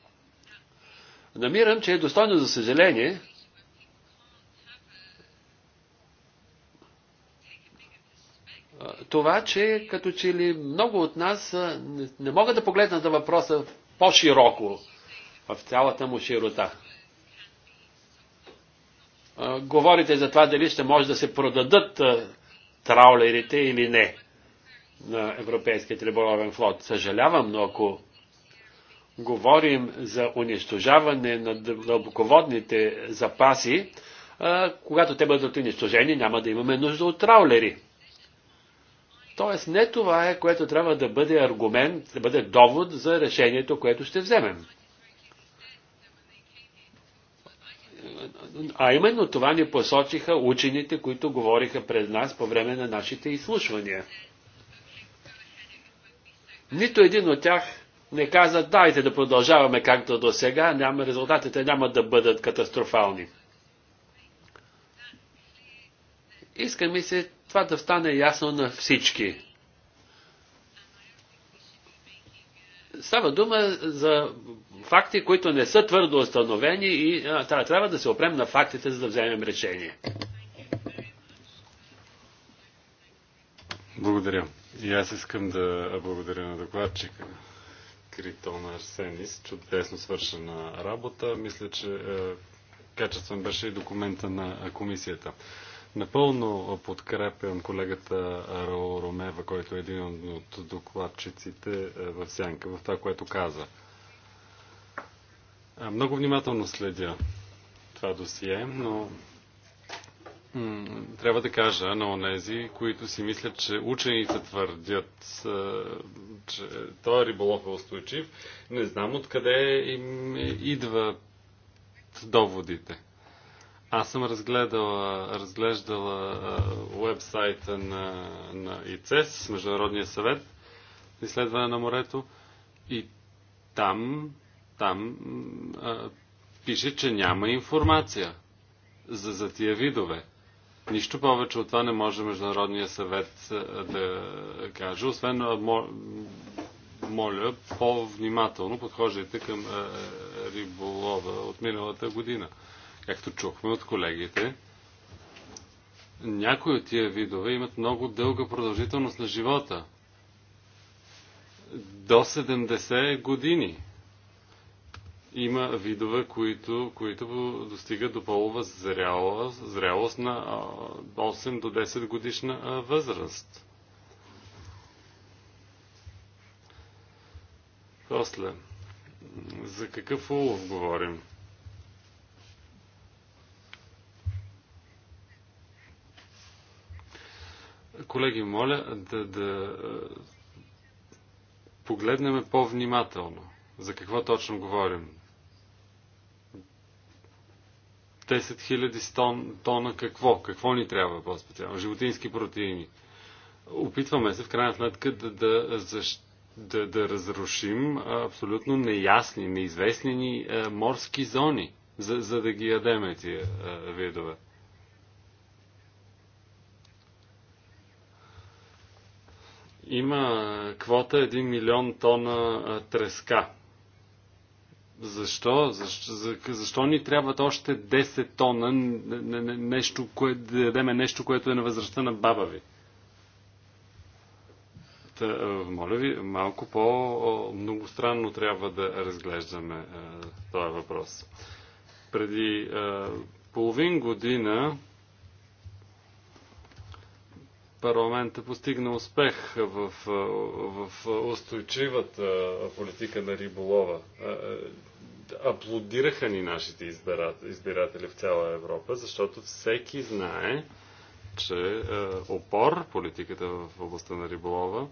Намирам, че е достойно за съжаление, това, че като че ли много от нас не, не могат да погледнат на въпроса по-широко, в цялата му широта. Говорите за това дали ще може да се продадат траулерите или не на Европейския риболовен флот. Съжалявам, но ако говорим за унищожаване на дълбоководните запаси, когато те бъдат унищожени, няма да имаме нужда от траулери. Тоест не това е, което трябва да бъде аргумент, да бъде довод за решението, което ще вземем. А именно това ни посочиха учените, които говориха пред нас по време на нашите изслушвания. Нито един от тях не каза, дайте да продължаваме както до сега, няма, резултатите няма да бъдат катастрофални. Иска ми се това да стане ясно на всички. Става дума за факти, които не са твърдо установени и а, трябва да се опрем на фактите, за да вземем решение. Благодаря. И аз искам да благодаря на докладчика Критон Арсенис. Чудесно свършена работа. Мисля, че е, качествен беше и документа на комисията. Напълно подкрепям колегата Рао Ромева, който е един от докладчиците е, в Сянка, в това, което каза. Е, много внимателно следя това досие, но трябва да кажа на онези, които си мислят, че учените твърдят, е, че този риболов е устойчив, не знам откъде им идват доводите. Аз съм разгледала, разглеждала уебсайта на, на ИЦЕС, Международния съвет за изследване на морето и там, там а, пише, че няма информация за, за тия видове. Нищо повече от това не може Международния съвет да каже, освен моля, по-внимателно подхождайте към риболова от миналата година както чухме от колегите, някои от тия видове имат много дълга продължителност на живота. До 70 години. Има видове, които, които достигат до полова зрялост, зрялост на 8 до 10 годишна възраст. После, за какъв улов говорим? Колеги, моля да, да е, погледнем по-внимателно за какво точно говорим. 10 000 тон, тона какво? Какво ни трябва по-специално? Животински протеини. Опитваме се в крайна сметка да, да, защ... да, да разрушим абсолютно неясни, неизвестни ни морски зони, за, за да ги ядеме тия видове. Има квота 1 милион тона треска. Защо? Защо, за, защо ни трябват още 10 тона нещо, кое, да ядеме нещо, което е на възрастта на баба ви? Та, моля ви, малко по-многостранно трябва да разглеждаме този въпрос. Преди половин година парламента е постигна успех в, в устойчивата политика на риболова. Аплодираха ни нашите избиратели в цяла Европа, защото всеки знае, че опор, политиката в областта на риболова,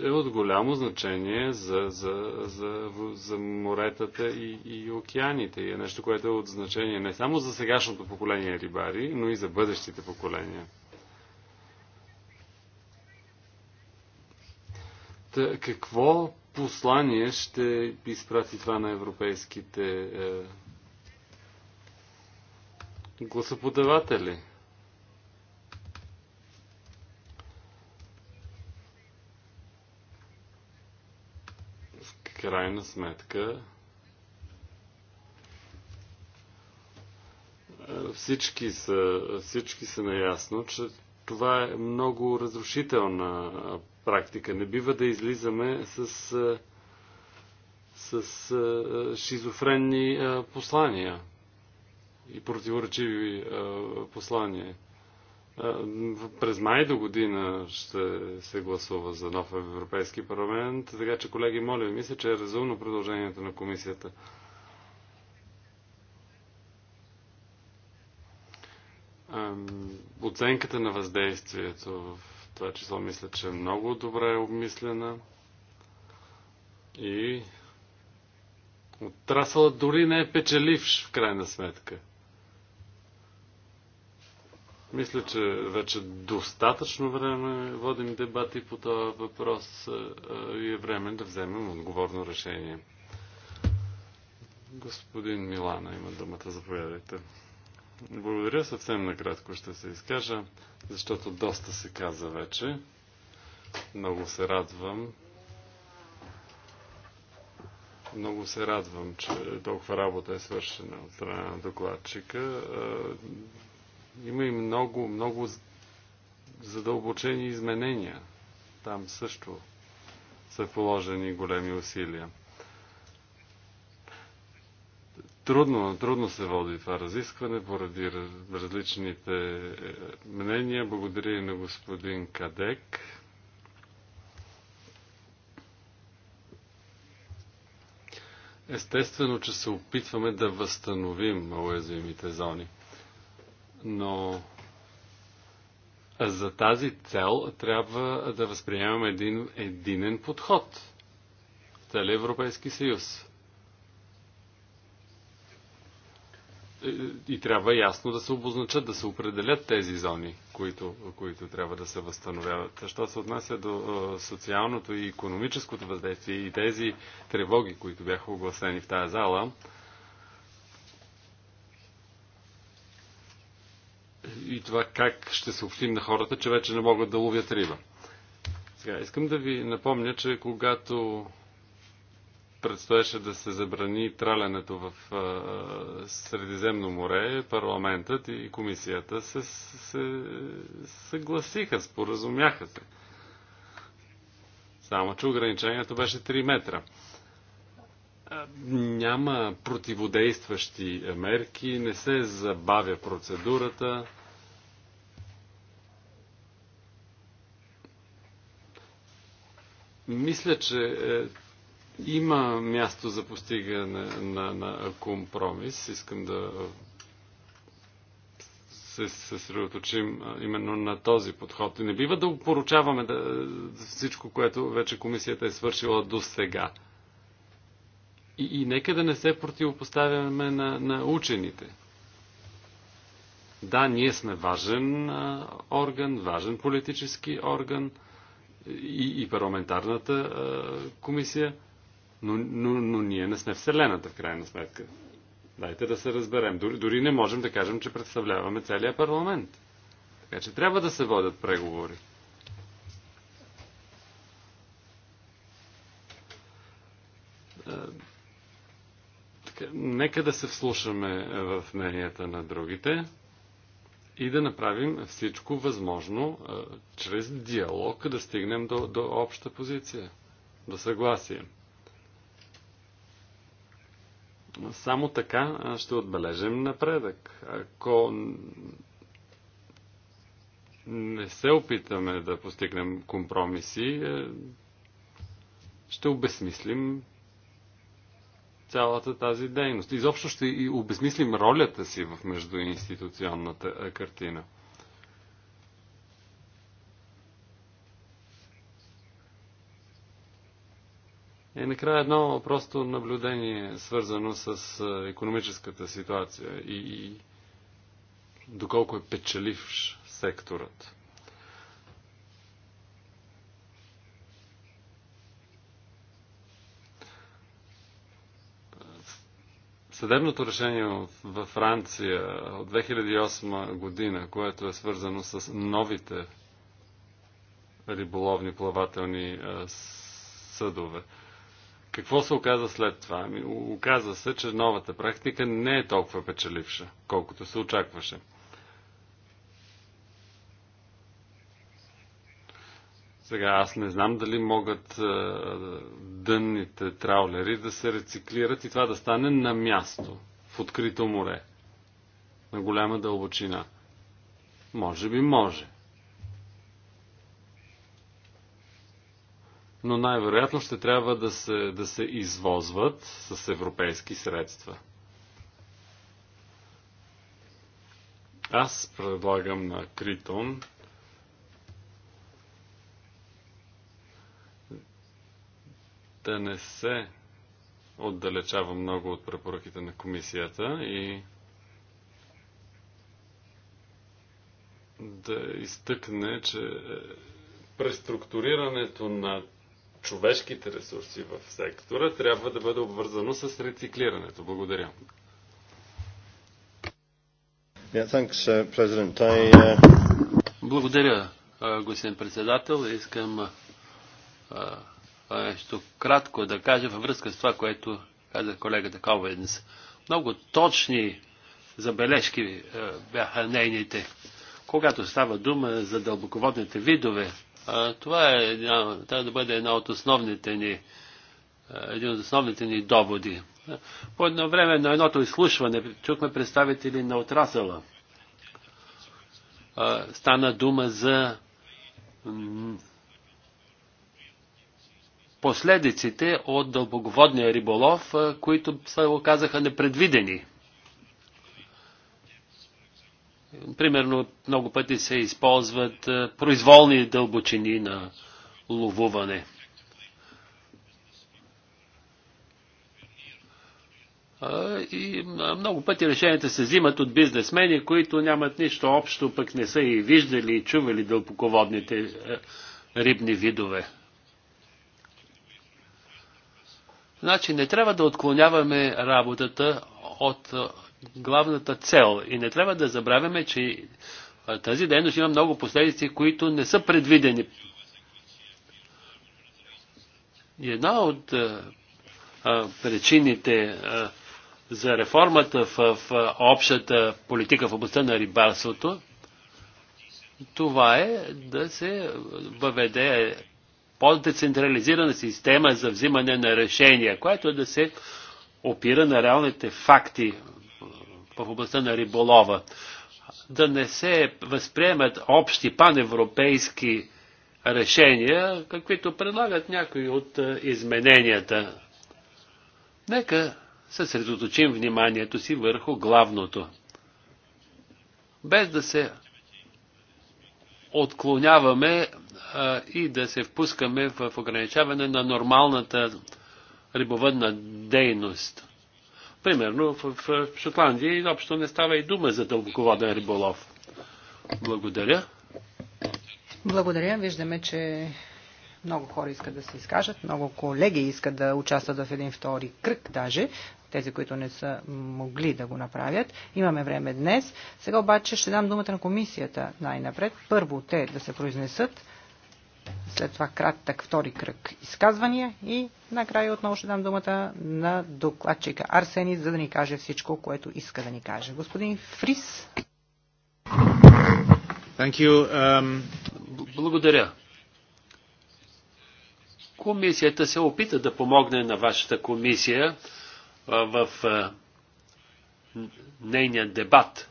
е от голямо значение за, за, за, за моретата и, и океаните. И е нещо, което е от значение не само за сегашното поколение рибари, но и за бъдещите поколения. Та, какво послание ще изпрати това на европейските е, гласоподаватели? крайна сметка всички са, всички са наясно, че това е много разрушителна практика. Не бива да излизаме с, с шизофренни послания и противоречиви послания. През май до година ще се гласува за нов Европейски парламент, така че, колеги, моля ви, мисля, че е разумно продължението на комисията. Оценката на въздействието в това число мисля, че е много добре обмислена и отрасълът дори не е печеливш в крайна сметка. Мисля, че вече достатъчно време водим дебати по този въпрос и е време да вземем отговорно решение. Господин Милана има думата, заповядайте. Благодаря, съвсем накратко ще се изкажа, защото доста се каза вече. Много се радвам. Много се радвам, че толкова работа е свършена от страна на докладчика. Има и много, много задълбочени изменения. Там също са положени големи усилия. Трудно, трудно се води това разискване поради различните е, мнения. Благодаря и на господин Кадек. Естествено, че се опитваме да възстановим уязвимите зони но за тази цел трябва да възприемаме един единен подход в цели Европейски съюз. И трябва ясно да се обозначат, да се определят тези зони, които, които трябва да се възстановяват. Що се отнася до социалното и економическото въздействие и тези тревоги, които бяха огласени в тази зала, и това как ще съобщим на хората, че вече не могат да ловят риба. Сега, искам да ви напомня, че когато предстоеше да се забрани тралянето в Средиземно море, парламентът и комисията се, се съгласиха, споразумяха се. Само, че ограничението беше 3 метра. Няма противодействащи мерки, не се забавя процедурата. Мисля, че е, има място за постигане на, на компромис. Искам да се съсредоточим именно на този подход. И не бива да упоручаваме да, всичко, което вече комисията е свършила до сега. И, и нека да не се противопоставяме на, на учените. Да, ние сме важен а, орган, важен политически орган – и, и парламентарната а, комисия, но, но, но ние не сме Вселената, в крайна сметка. Дайте да се разберем. Дори, дори не можем да кажем, че представляваме целият парламент. Така че трябва да се водят преговори. нека да се вслушаме в мненията на другите и да направим всичко възможно чрез диалог да стигнем до, до обща позиция, до съгласие. Само така ще отбележим напредък. Ако не се опитаме да постигнем компромиси, е, ще обесмислим цялата тази дейност. Изобщо ще и обезмислим ролята си в междуинституционната е, картина. И накрая едно просто наблюдение, свързано с е, економическата ситуация и, и доколко е печеливш секторът. Съдебното решение във Франция от 2008 година, което е свързано с новите риболовни плавателни е, съдове. Какво се оказа след това? Ами, оказа се, че новата практика не е толкова печеливша, колкото се очакваше. Сега аз не знам дали могат дънните траулери да се рециклират и това да стане на място, в открито море, на голяма дълбочина. Може би може. но най-вероятно ще трябва да се, да се извозват с европейски средства. Аз предлагам на Критон да не се отдалечава много от препоръките на комисията и да изтъкне, че е, преструктурирането на човешките ресурси в сектора трябва да бъде обвързано с рециклирането. Благодаря. Yeah, thanks, uh, I, uh... Благодаря, uh, господин председател. Искам uh, е нещо кратко да кажа във връзка с това, което каза колегата Ковенс. Много точни забележки е, бяха нейните. Когато става дума за дълбоководните видове, това е, трябва да бъде една от основните ни, е, един от основните ни доводи. По едно време на едното изслушване чухме представители на отрасъла. Стана дума за последиците от дълбоководния риболов, които се оказаха непредвидени. Примерно много пъти се използват произволни дълбочини на ловуване. И много пъти решенията се взимат от бизнесмени, които нямат нищо общо, пък не са и виждали и чували дълбоководните рибни видове. Значи не трябва да отклоняваме работата от главната цел и не трябва да забравяме, че тази дейност има много последици, които не са предвидени. Една от причините за реформата в общата политика в областта на рибарството, това е да се въведе по-децентрализирана система за взимане на решения, която да се опира на реалните факти е, в областта на риболова. Да не се възприемат общи паневропейски решения, каквито предлагат някои от е, измененията. Нека съсредоточим вниманието си върху главното. Без да се отклоняваме а, и да се впускаме в ограничаване на нормалната рибовъдна дейност. Примерно в, в Шотландия изобщо не става и дума за дълбоководен риболов. Благодаря. Благодаря. Виждаме, че много хора искат да се изкажат, много колеги искат да участват в един втори кръг даже, тези, които не са могли да го направят. Имаме време днес. Сега обаче ще дам думата на комисията най-напред. Първо те да се произнесат, след това кратък втори кръг изказвания и накрая отново ще дам думата на докладчика Арсени, за да ни каже всичко, което иска да ни каже. Господин Фрис. Thank you. Um... Благодаря. Комисията се опита да помогне на вашата комисия в нейния дебат.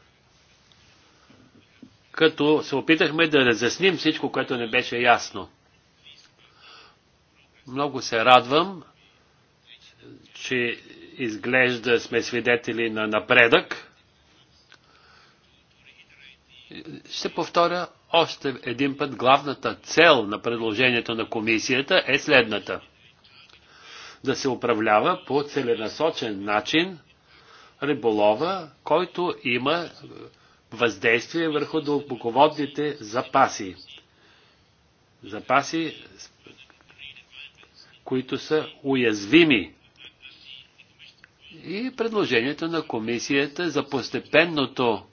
Като се опитахме да разясним всичко, което не беше ясно. Много се радвам, че изглежда сме свидетели на напредък ще повторя още един път главната цел на предложението на комисията е следната. Да се управлява по целенасочен начин риболова, който има въздействие върху дълбоководните запаси. Запаси, които са уязвими. И предложението на комисията за постепенното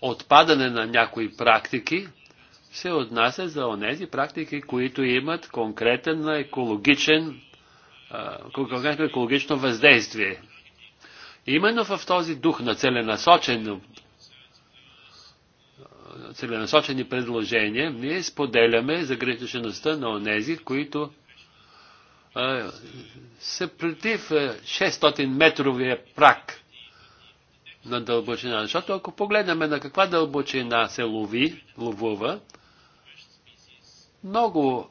отпадане на някои практики се отнася за онези практики, които имат конкретен екологичен, конкретно екологично въздействие. Именно в този дух на целенасочено целенасочени предложения, ние споделяме загрешеността на онези, които а, са против 600-метровия прак на дълбочина. Защото ако погледнем на каква дълбочина се лови, ловува, много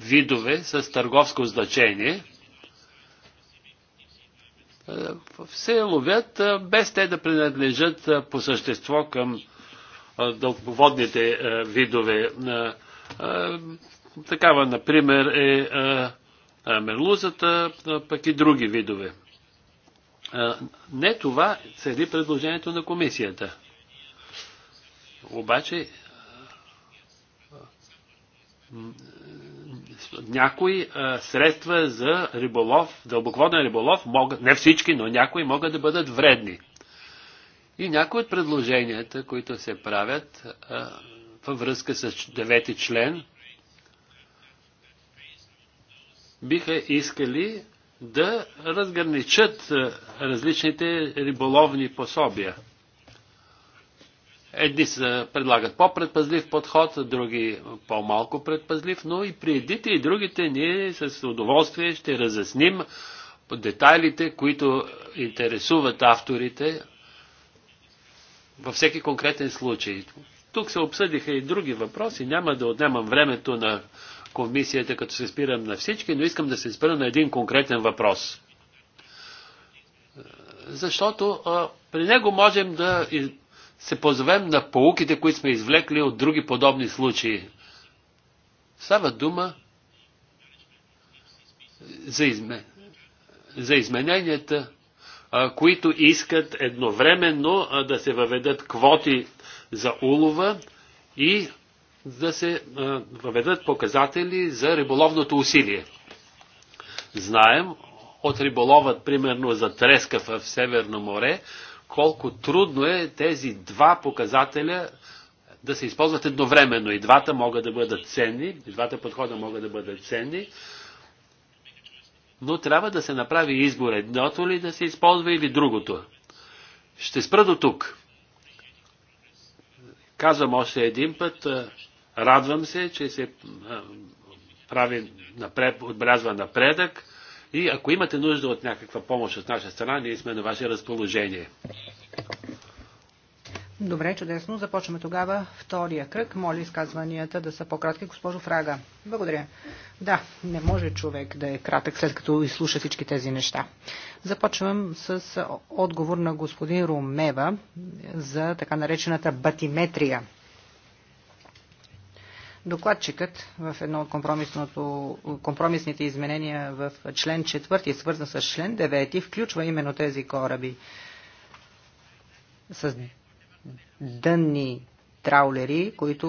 видове с търговско значение е, се ловят е, без те да принадлежат е, по същество към дълбоводните видове. Такава, например, е мерлузата, пък и други видове. Не това цели предложението на комисията. Обаче някои средства за риболов, дълбоководен риболов, могат, не всички, но някои могат да бъдат вредни. И някои от предложенията, които се правят във връзка с девети член, биха искали да разграничат е, различните риболовни пособия. Едни са, предлагат по-предпазлив подход, други по-малко предпазлив, но и при едните и другите ние с удоволствие ще разясним детайлите, които интересуват авторите във всеки конкретен случай. Тук се обсъдиха и други въпроси, няма да отнемам времето на комисията, като се спирам на всички, но искам да се спра на един конкретен въпрос. Защото а, при него можем да се позовем на полуките, които сме извлекли от други подобни случаи. Става дума за, изме... за измененията, а, които искат едновременно а, да се въведат квоти за улова и да се въведат показатели за риболовното усилие. Знаем от риболовът, примерно за треска в Северно море, колко трудно е тези два показателя да се използват едновременно. И двата могат да бъдат ценни, и двата подхода могат да бъдат ценни, но трябва да се направи избор едното ли да се използва или другото. Ще спра до тук. Казвам още един път, Радвам се, че се прави напред, отбелязва напредък и ако имате нужда от някаква помощ от наша страна, ние сме на ваше разположение. Добре, чудесно. Започваме тогава втория кръг. Моля изказванията да са по-кратки. Госпожо Фрага, благодаря. Да, не може човек да е кратък, след като изслуша всички тези неща. Започвам с отговор на господин Румева за така наречената батиметрия. Докладчикът в едно от компромисните изменения в член 4, свързан с член 9, включва именно тези кораби с дънни траулери, които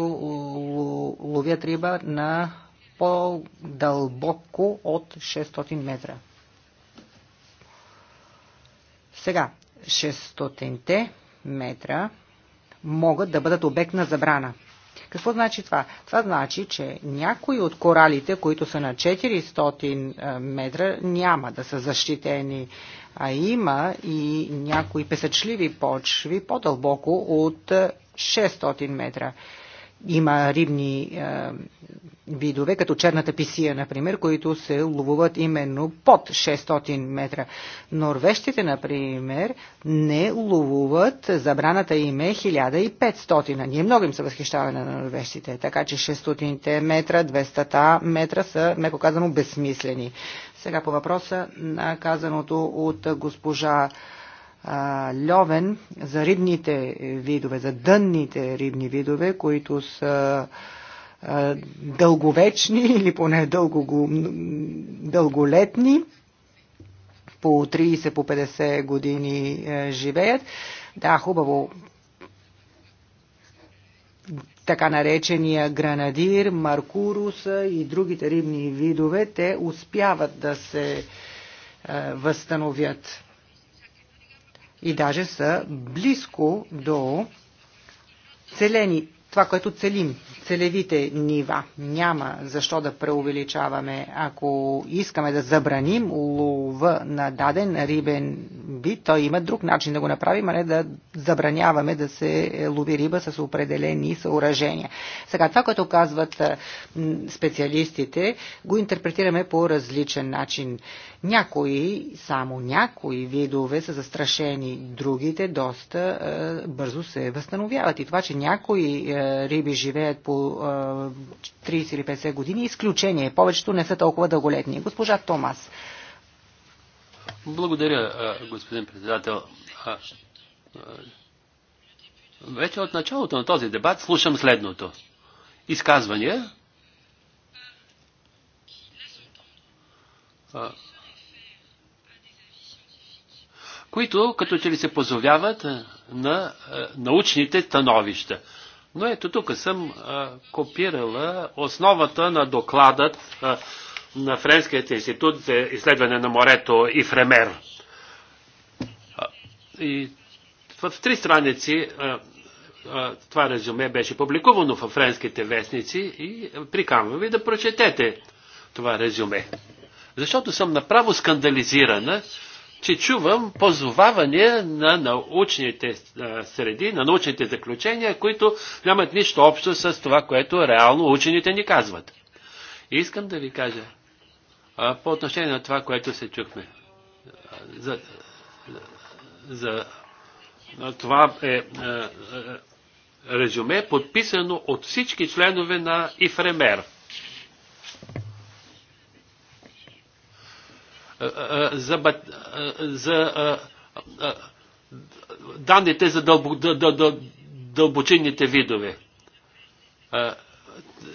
ловят риба на по-дълбоко от 600 метра. Сега, 600 метра могат да бъдат обект на забрана. Какво значи това? Това значи, че някои от коралите, които са на 400 е, метра, няма да са защитени, а има и някои песъчливи почви по-дълбоко от 600 е, метра има рибни а, е, видове, като черната писия, например, които се ловуват именно под 600 метра. Норвежците, например, не ловуват, забраната им е 1500. Ние много им се възхищаваме на норвежците, така че 600 метра, 200 метра са, меко казано, безсмислени. Сега по въпроса на казаното от госпожа а, льовен за рибните видове, за дънните рибни видове, които са а, дълговечни или поне дълго, дълголетни, по 30, по 50 години е, живеят. Да, хубаво. Така наречения гранадир, маркурус и другите рибни видове, те успяват да се е, възстановят и даже са близко до целени, това, което целим, целевите нива. Няма защо да преувеличаваме. Ако искаме да забраним лова на даден рибен вид, той има друг начин да го направим, а не да забраняваме да се лови риба с определени съоръжения. Сега, това, което казват специалистите, го интерпретираме по различен начин. Някои, само някои видове са застрашени, другите доста е, бързо се възстановяват. И това, че някои е, риби живеят по е, 30 или 50 години, изключение. Повечето не са толкова дълголетни. Госпожа Томас. Благодаря, е, господин председател. Е, вече от началото на този дебат слушам следното. Изказвания, които като че ли се позовяват на научните становища. Но ето тук съм копирала основата на докладът на Френският институт за изследване на морето и Фремер. и в три страници това резюме беше публикувано в френските вестници и приканвам ви да прочетете това резюме. Защото съм направо скандализирана, че чувам позовавания на научните среди, на научните заключения, които нямат нищо общо с това, което реално учените ни казват. И искам да ви кажа а, по отношение на това, което се чухме. За, за, това е, е резюме, подписано от всички членове на ИФРЕМЕР. за, за данните за дълбочинните видове.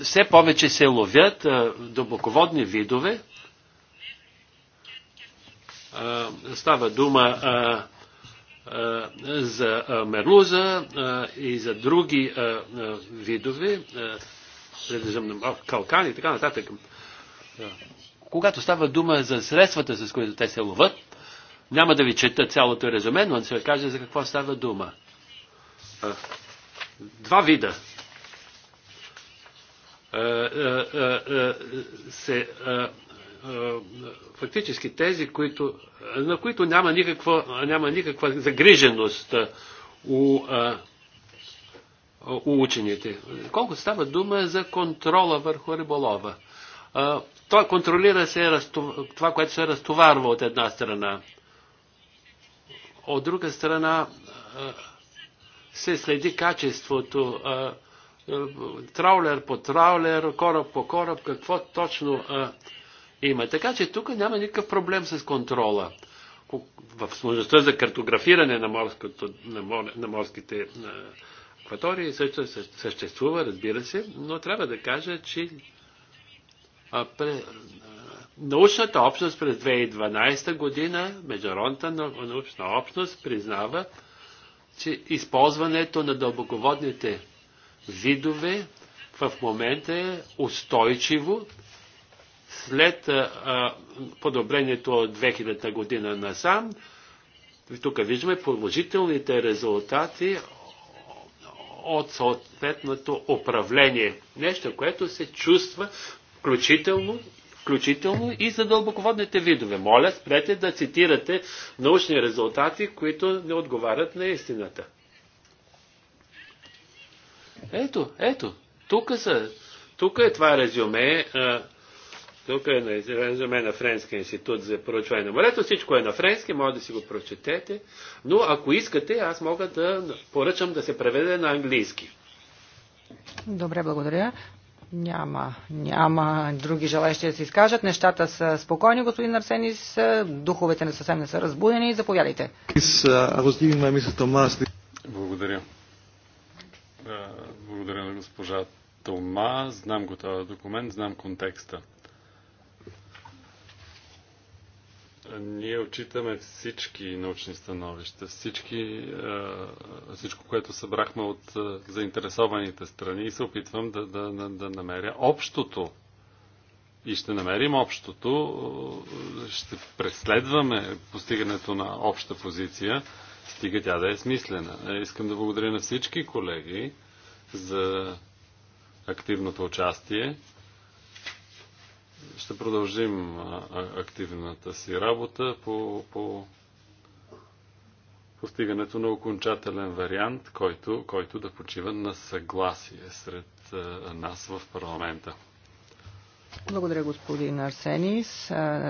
Все повече се ловят дълбоководни видове. Става дума за мерлуза и за други видове, калкани и така нататък. Когато става дума за средствата, с които те се ловат, няма да ви чета цялото резюме, но да се каже за какво става дума. Два вида се фактически тези, които, на които няма никаква, няма никаква загриженост у, у учените. Колко става дума за контрола върху риболова? това контролира се това, което се разтоварва от една страна. От друга страна се следи качеството траулер по траулер, кораб по кораб, какво точно има. Така че тук няма никакъв проблем с контрола. В сложността за картографиране на, морското, на, мор, на морските акватории също съществува, разбира се, но трябва да кажа, че Научната общност през 2012 година, Международната научна общност признава, че използването на дълбоководните видове в момента е устойчиво след подобрението от 2000 година насам. Тук виждаме положителните резултати от съответното управление. Нещо, което се чувства включително включително и за дълбоководните видове. Моля, спрете да цитирате научни резултати, които не отговарят на истината. Ето, ето, тук са, тук е това резюме, тук е на резюме на Френския институт за проучване на морето, всичко е на френски, може да си го прочетете, но ако искате, аз мога да поръчам да се преведе на английски. Добре, благодаря. Няма, няма други желаящи да се изкажат. Нещата са спокойни, господин Арсенис. Духовете не съвсем не са разбудени. Заповядайте. Благодаря. Благодаря на госпожа Тома. Знам го този документ, знам контекста. Ние отчитаме всички научни становища, всички, всичко, което събрахме от заинтересованите страни и се опитвам да, да, да, да намеря общото. И ще намерим общото, ще преследваме постигането на обща позиция, стига тя да е смислена. Е, искам да благодаря на всички колеги за активното участие ще продължим активната си работа по, по постигането на окончателен вариант, който, който да почива на съгласие сред нас в парламента. Благодаря, господин Арсенис.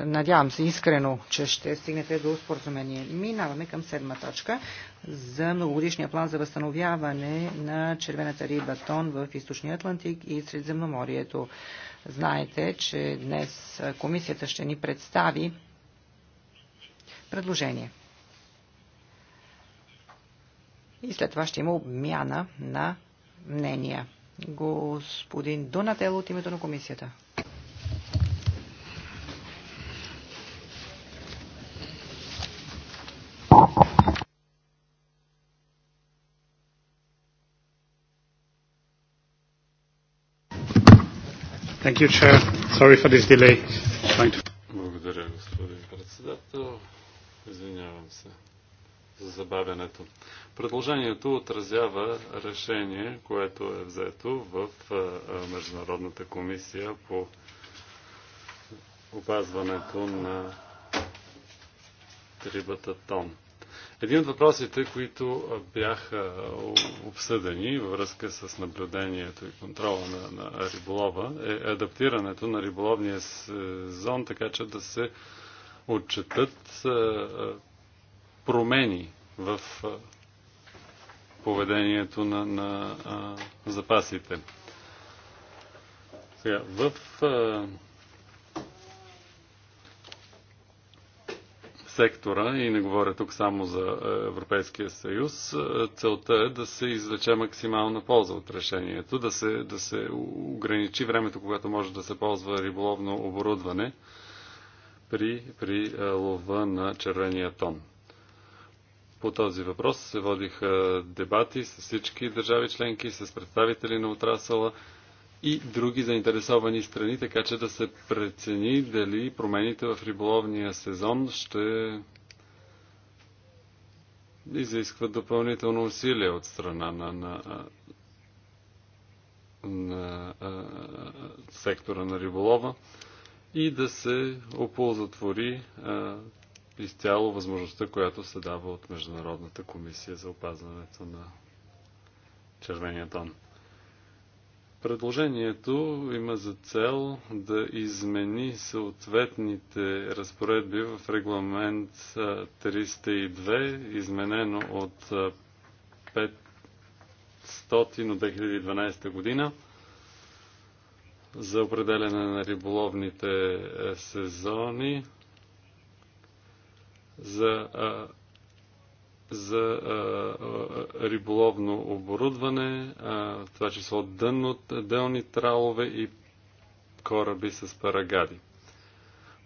Надявам се искрено, че ще стигнете до споразумение. Минаваме към седма точка за многогодишния план за възстановяване на червената риба тон в Източния Атлантик и Средземноморието. Знаете, че днес комисията ще ни представи предложение. И след това ще има обмяна на мнения. Господин Донател от името на комисията. Thank you, Chair. Sorry for this delay. To... Благодаря, господин председател. Извинявам се за забавянето. Предложението отразява решение, което е взето в Международната комисия по опазването на рибата тон. Един от въпросите, които бяха обсъдени във връзка с наблюдението и контрола на, на риболова е адаптирането на риболовния сезон, така че да се отчетат промени в поведението на, на запасите. Сега, в сектора, и не говоря тук само за е, Европейския съюз, е, целта е да се извлече максимална полза от решението, да се, да се ограничи времето, когато може да се ползва риболовно оборудване при, при е, лова на червения тон. По този въпрос се водиха дебати с всички държави членки, с представители на отрасъла и други заинтересовани страни, така че да се прецени дали промените в риболовния сезон ще изискват допълнително усилие от страна на, на, на, на сектора на риболова и да се оползотвори а, изцяло възможността, която се дава от Международната комисия за опазването на червения тон. Предложението има за цел да измени съответните разпоредби в регламент 302, изменено от 500 от 2012 година за определене на риболовните сезони за за а, а, риболовно оборудване, а, в това число дънно, делни тралове и кораби с парагади.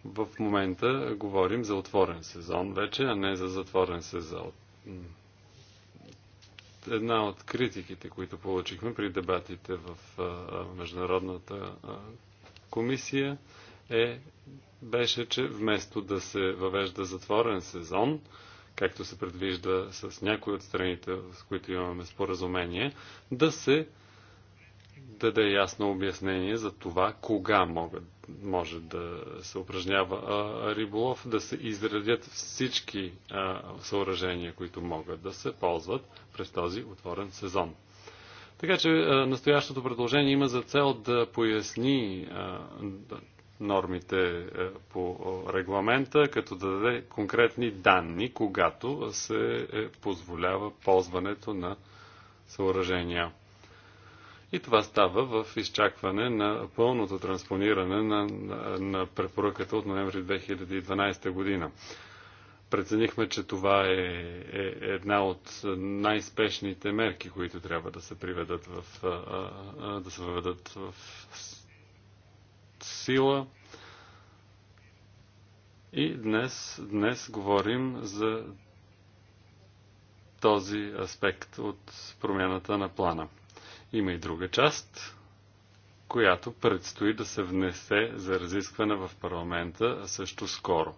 В момента говорим за отворен сезон вече, а не за затворен сезон. Една от критиките, които получихме при дебатите в а, Международната а, комисия, е, беше, че вместо да се въвежда затворен сезон, а, както се предвижда с някои от страните, с които имаме споразумение, да се даде ясно обяснение за това кога могат, може да се упражнява а, риболов, да се изредят всички а, съоръжения, които могат да се ползват през този отворен сезон. Така че а, настоящото предложение има за цел да поясни, а, нормите е, по регламента, като да даде конкретни данни, когато се е, позволява ползването на съоръжения. И това става в изчакване на пълното транспониране на, на, на препоръката от ноември 2012 година. Преценихме, че това е, е, е една от най-спешните мерки, които трябва да се приведат в, да се въведат в сила. И днес, днес говорим за този аспект от промяната на плана. Има и друга част, която предстои да се внесе за разискване в парламента също скоро.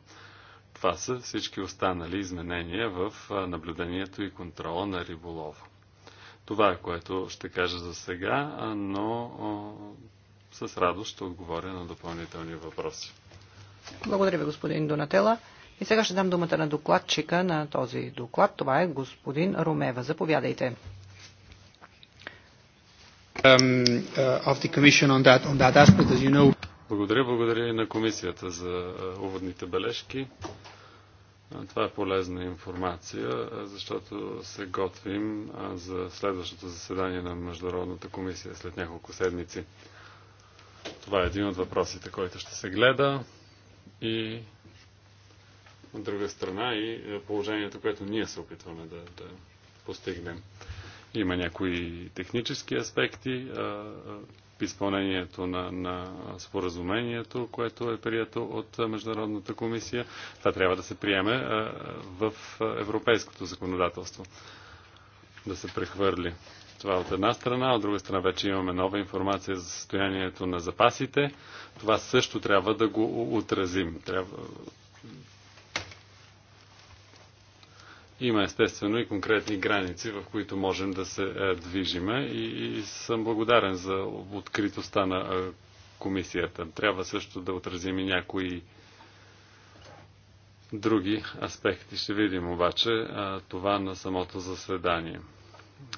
Това са всички останали изменения в наблюдението и контрола на риболова. Това е което ще кажа за сега, но с радост ще отговоря на допълнителни въпроси. Благодаря ви, господин Донатела. И сега ще дам думата на докладчика на този доклад. Това е господин Ромева. Заповядайте. Благодаря, благодаря и на комисията за uh, уводните бележки. Това е полезна информация, защото се готвим за следващото заседание на Международната комисия след няколко седмици. Това е един от въпросите, който ще се гледа. И от друга страна и положението, което ние се опитваме да, да постигнем. Има някои технически аспекти изпълнението на, на споразумението, което е прието от Международната комисия. Това трябва да се приеме а, в европейското законодателство, да се прехвърли. Това от една страна, от друга страна вече имаме нова информация за състоянието на запасите. Това също трябва да го отразим. Трябва... Има естествено и конкретни граници, в които можем да се е, движиме и, и съм благодарен за откритостта на е, комисията. Трябва също да отразим и някои други аспекти. Ще видим обаче е, това на самото заседание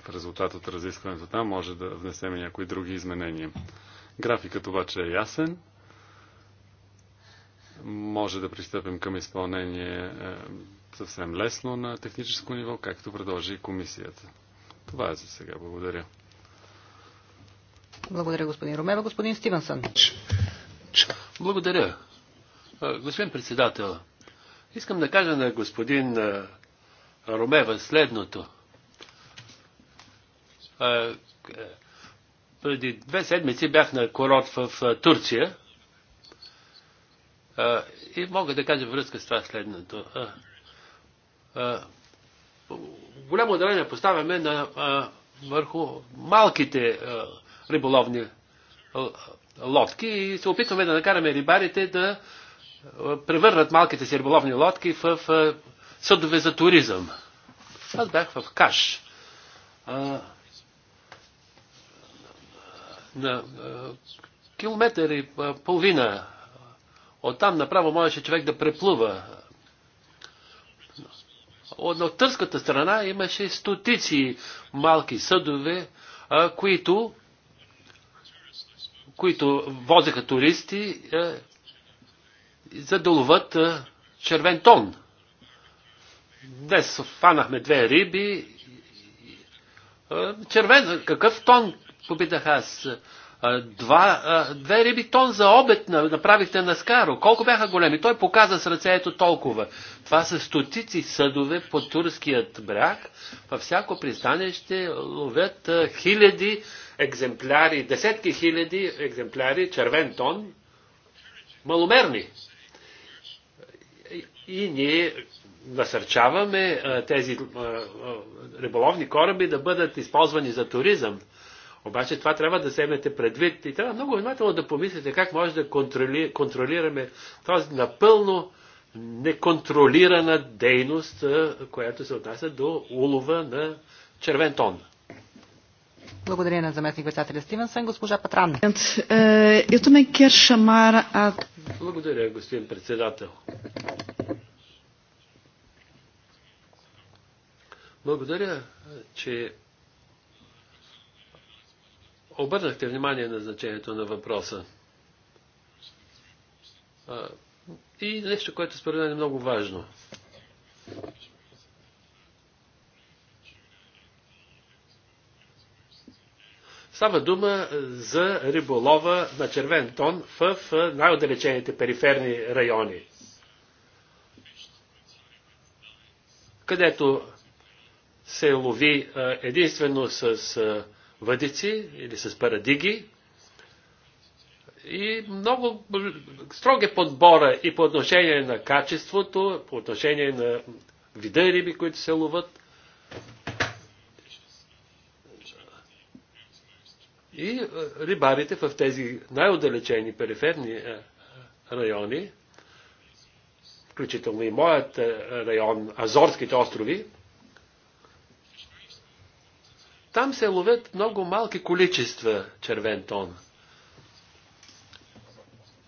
в резултат от разискването там може да внесем и някои други изменения. Графикът обаче е ясен. Може да пристъпим към изпълнение е, съвсем лесно на техническо ниво, както предложи и комисията. Това е за сега. Благодаря. Благодаря, господин Ромева. Господин Стивенсън. Благодаря. Господин председател, искам да кажа на господин Ромева следното – преди две седмици бях на корот в Турция и мога да кажа връзка с това следното. Голямо ударение поставяме на, върху малките риболовни лодки и се опитваме да накараме рибарите да превърнат малките си риболовни лодки в съдове за туризъм. Аз бях в Каш. А, на е, километър и е, половина. Оттам направо можеше човек да преплува. От търската страна имаше стотици малки съдове, е, които, които возеха туристи, за да ловат червен тон. Днес фанахме две риби. Червен, какъв тон попитах аз. Два, две риби тон за обед направихте на Скаро. Колко бяха големи? Той показа с ето толкова. Това са стотици съдове по турският бряг. Във всяко пристанище ловят хиляди екземпляри, десетки хиляди екземпляри червен тон, маломерни. И, ние насърчаваме тези риболовни кораби да бъдат използвани за туризъм. Обаче това трябва да вземете предвид и трябва много внимателно да помислите как може да контроли, контролираме тази напълно неконтролирана дейност, която се отнася до улова на червен тон. Благодаря на заместник председателя Стивенсън, госпожа Патранне. Благодаря, господин председател. Благодаря, че Обърнахте внимание на значението на въпроса. И нещо, което според мен е много важно. Става дума за риболова на червен тон в най-отдалечените периферни райони, където се лови единствено с въдици или с парадиги. И много строг е подбора и по отношение на качеството, по отношение на вида риби, които се ловат. И е, рибарите в тези най-отдалечени периферни е, райони, включително и моят е, район, Азорските острови, там се ловят много малки количества червен тон.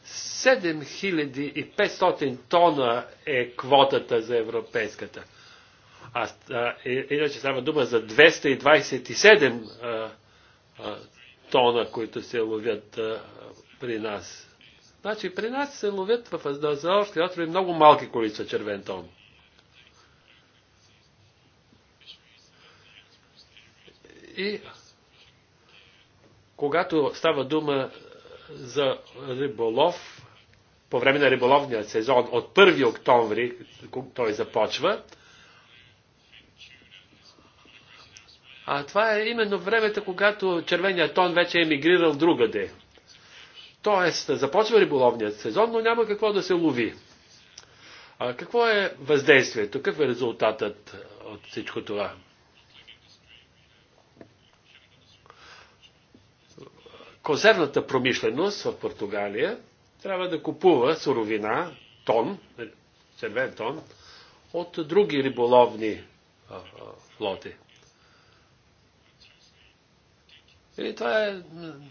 7500 тона е квотата за европейската. А, а, иначе става дума за 227 а, а, тона, които се ловят а, при нас. Значи при нас се ловят в Азорски острови много малки количества червен тон. И когато става дума за риболов, по време на риболовния сезон от 1 октомври той започва, А това е именно времето, когато червеният тон вече е емигрирал другаде. Тоест, започва риболовният сезон, но няма какво да се лови. А какво е въздействието? Какъв е резултатът от всичко това? Козерната промишленост в Португалия трябва да купува суровина, тон, нали, червен тон, от други риболовни а, а, флоти. И това е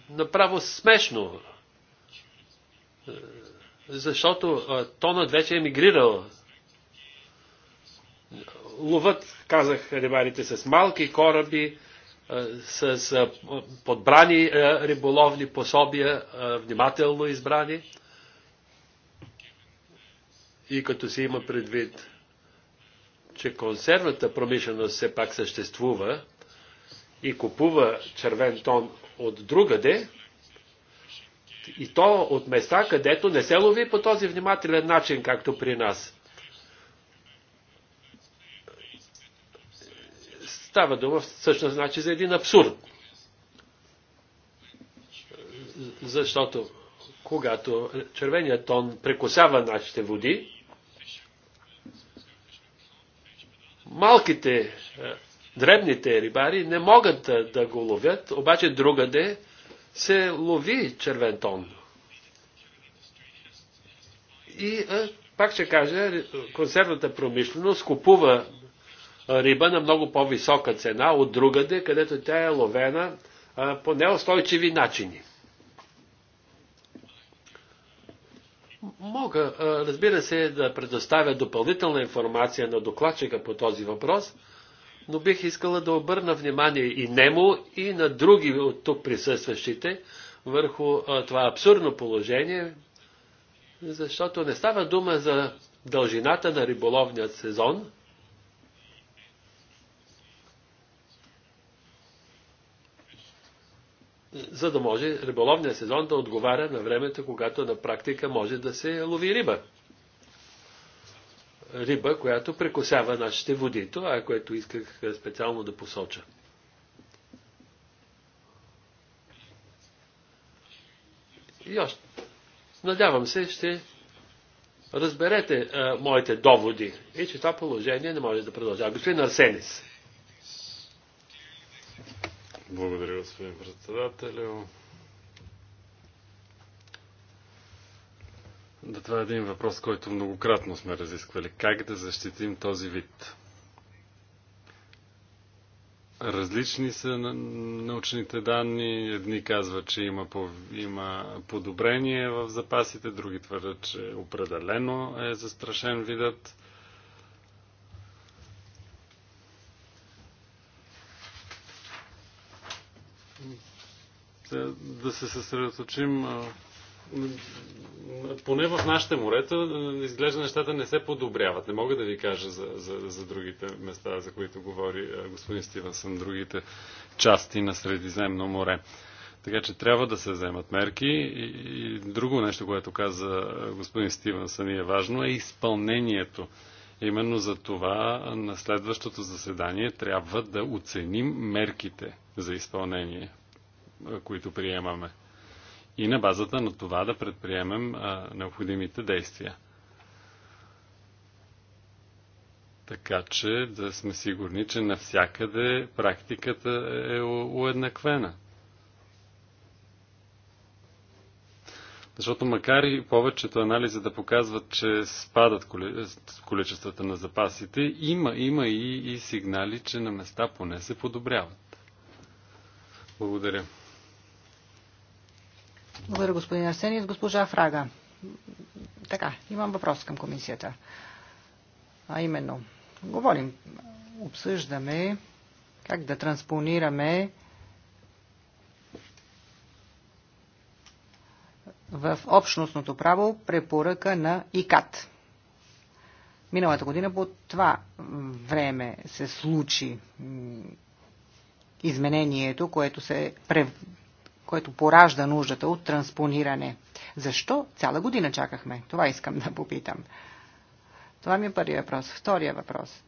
направо смешно, е, защото а, тонът вече е мигрирал. Ловът, казах рибарите, с малки кораби, с подбрани риболовни пособия, внимателно избрани. И като се има предвид, че консервата промишленост все пак съществува и купува червен тон от другаде, и то от места, където не се лови по този внимателен начин, както при нас. Става дума всъщност значи за един абсурд. Защото когато червеният тон прекосява нашите води, малките, е, дребните рибари не могат е, да го ловят, обаче другаде се лови червен тон. И е, пак ще кажа, консервната промишленост купува риба на много по-висока цена от другаде, където тя е ловена по неустойчиви начини. Мога, разбира се, да предоставя допълнителна информация на докладчика по този въпрос, но бих искала да обърна внимание и нему, и на други от тук присъстващите върху това абсурдно положение, защото не става дума за дължината на риболовният сезон, за да може риболовния сезон да отговаря на времето, когато на практика може да се лови риба. Риба, която прекосява нашите води. Това е което исках е, специално да посоча. И още. Надявам се, ще разберете а, е, моите доводи и че това положение не може да продължава. Господин Арсенис. Благодаря, господин председател. Да, това е един въпрос, който многократно сме разисквали. Как да защитим този вид? Различни са научните данни. Едни казват, че има, има подобрение в запасите, други твърдят, че определено е застрашен видът. се, да се съсредоточим поне в нашите морета, изглежда нещата не се подобряват. Не мога да ви кажа за, за, за другите места, за които говори господин Стивенсън, другите части на Средиземно море. Така че трябва да се вземат мерки. И, и друго нещо, което каза господин Стивенсън и е важно, е изпълнението. Именно за това на следващото заседание трябва да оценим мерките за изпълнение които приемаме. И на базата на това да предприемем необходимите действия. Така че да сме сигурни, че навсякъде практиката е уеднаквена. Защото макар и повечето анализи да показват, че спадат количествата на запасите, има, има и, и сигнали, че на места поне се подобряват. Благодаря. Благодаря, господин Арсениев. Госпожа Фрага. Така, имам въпрос към комисията. А именно, говорим, обсъждаме как да транспонираме в общностното право препоръка на ИКАТ. Миналата година по това време се случи изменението, което се което поражда нуждата от транспониране. Защо цяла година чакахме? Това искам да попитам. Това ми е първият въпрос. Втория въпрос.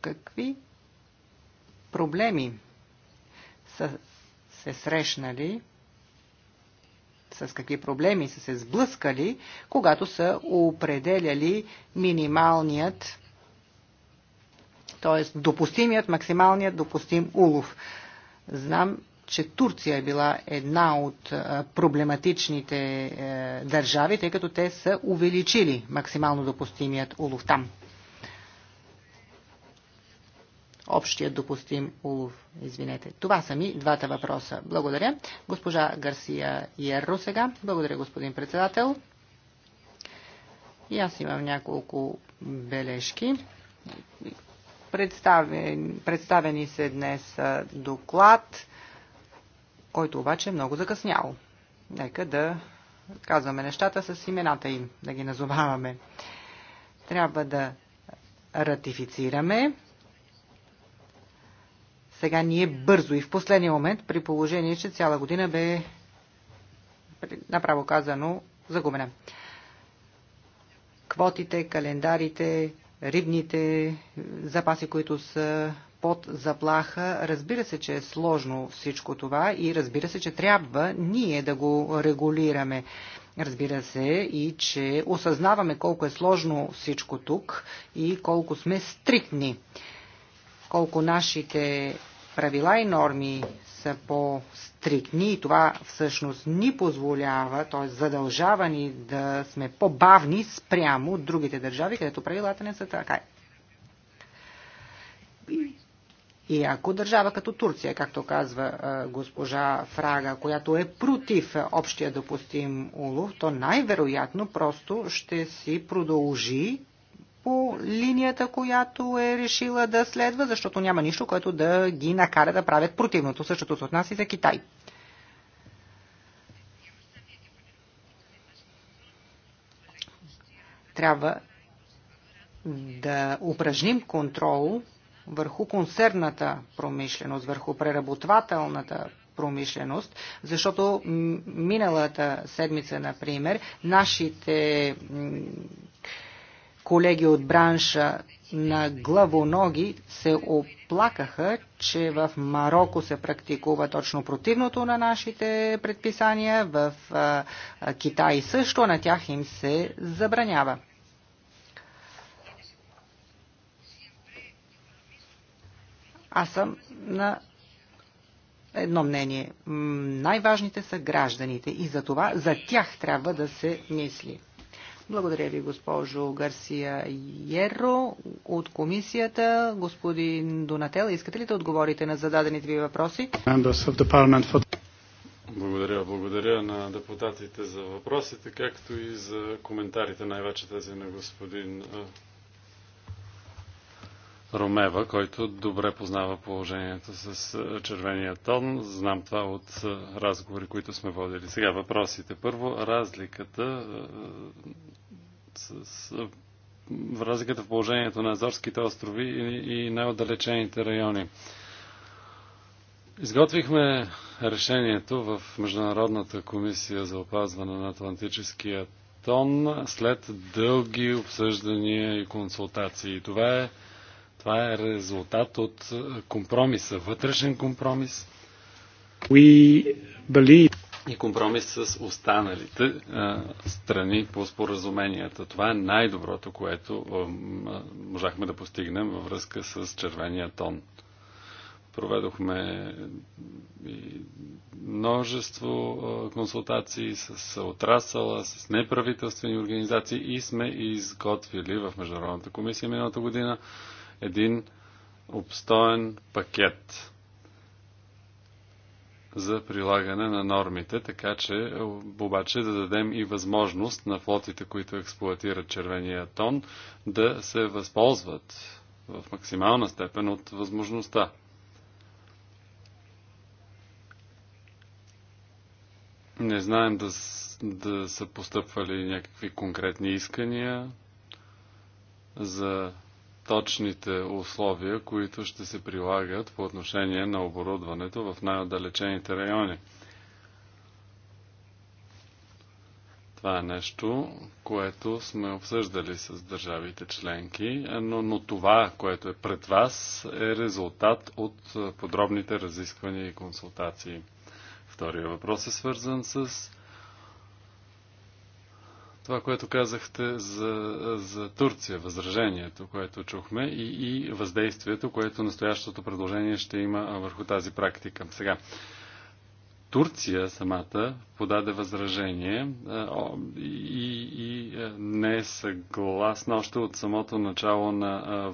Какви проблеми са се срещнали, с какви проблеми са се сблъскали, когато са определяли минималният, т.е. допустимият, максималният допустим улов. Знам, че Турция е била една от проблематичните е, държави, тъй като те са увеличили максимално допустимият улов там. Общият допустим улов, извинете. Това са ми двата въпроса. Благодаря. Госпожа Гарсия Ерро сега. Благодаря, господин председател. И аз имам няколко бележки. Представени, представени се днес доклад който обаче е много закъснял. Нека да казваме нещата с имената им, да ги назоваваме. Трябва да ратифицираме. Сега ние бързо и в последния момент, при положение, че цяла година бе направо казано загубена. Квотите, календарите, рибните запаси, които са под заплаха. Разбира се, че е сложно всичко това и разбира се, че трябва ние да го регулираме. Разбира се и, че осъзнаваме колко е сложно всичко тук и колко сме стриктни. Колко нашите правила и норми са по стриктни и това всъщност ни позволява, т.е. задължава ни да сме по-бавни спрямо от другите държави, където правилата не са така. И ако държава като Турция, както казва госпожа Фрага, която е против общия допустим улов, то най-вероятно просто ще си продължи по линията, която е решила да следва, защото няма нищо, което да ги накара да правят противното. Същото се отнася и за Китай. Трябва да упражним контрол върху консервната промишленост, върху преработвателната промишленост, защото миналата седмица, например, нашите колеги от бранша на главоноги се оплакаха, че в Марокко се практикува точно противното на нашите предписания, в Китай също на тях им се забранява. Аз съм на едно мнение. Най-важните са гражданите и за това за тях трябва да се мисли. Благодаря ви, госпожо Гарсия Йерро. От комисията, господин Донател, искате ли да отговорите на зададените ви въпроси? Благодаря. Благодаря на депутатите за въпросите, както и за коментарите, най-вече тези на господин Ромева, който добре познава положението с е, червения тон. Знам това от е, разговори, които сме водили. Сега въпросите. Първо, разликата е, с разликата в положението на Азорските острови и най-отдалечените райони. Изготвихме решението в Международната комисия за опазване на Атлантическия тон след дълги обсъждания и консултации. Това е това е резултат от е, компромиса, вътрешен компромис. We believe... И компромис с останалите а, е, страни по споразуменията. Това е най-доброто, което а, е, можахме да постигнем във връзка с червения тон. Проведохме и множество а, консултации с отрасъла, с неправителствени организации и сме изготвили в Международната комисия миналата година а, един обстоен пакет за прилагане на нормите, така че е, обаче да дадем и възможност на флотите, които експлуатират червения тон, да се възползват в максимална степен от възможността. Не знаем да, да са постъпвали някакви конкретни искания за точните условия, които ще се прилагат по отношение на оборудването в най-отдалечените райони. Това е нещо, което сме обсъждали с държавите членки, но, но това, което е пред вас, е резултат от подробните разисквания и консултации. Втория въпрос е свързан с това, което казахте за, за Турция, възражението, което чухме и, и въздействието, което настоящото предложение ще има върху тази практика. Сега, Турция самата подаде възражение и, и не е съгласна още от самото начало на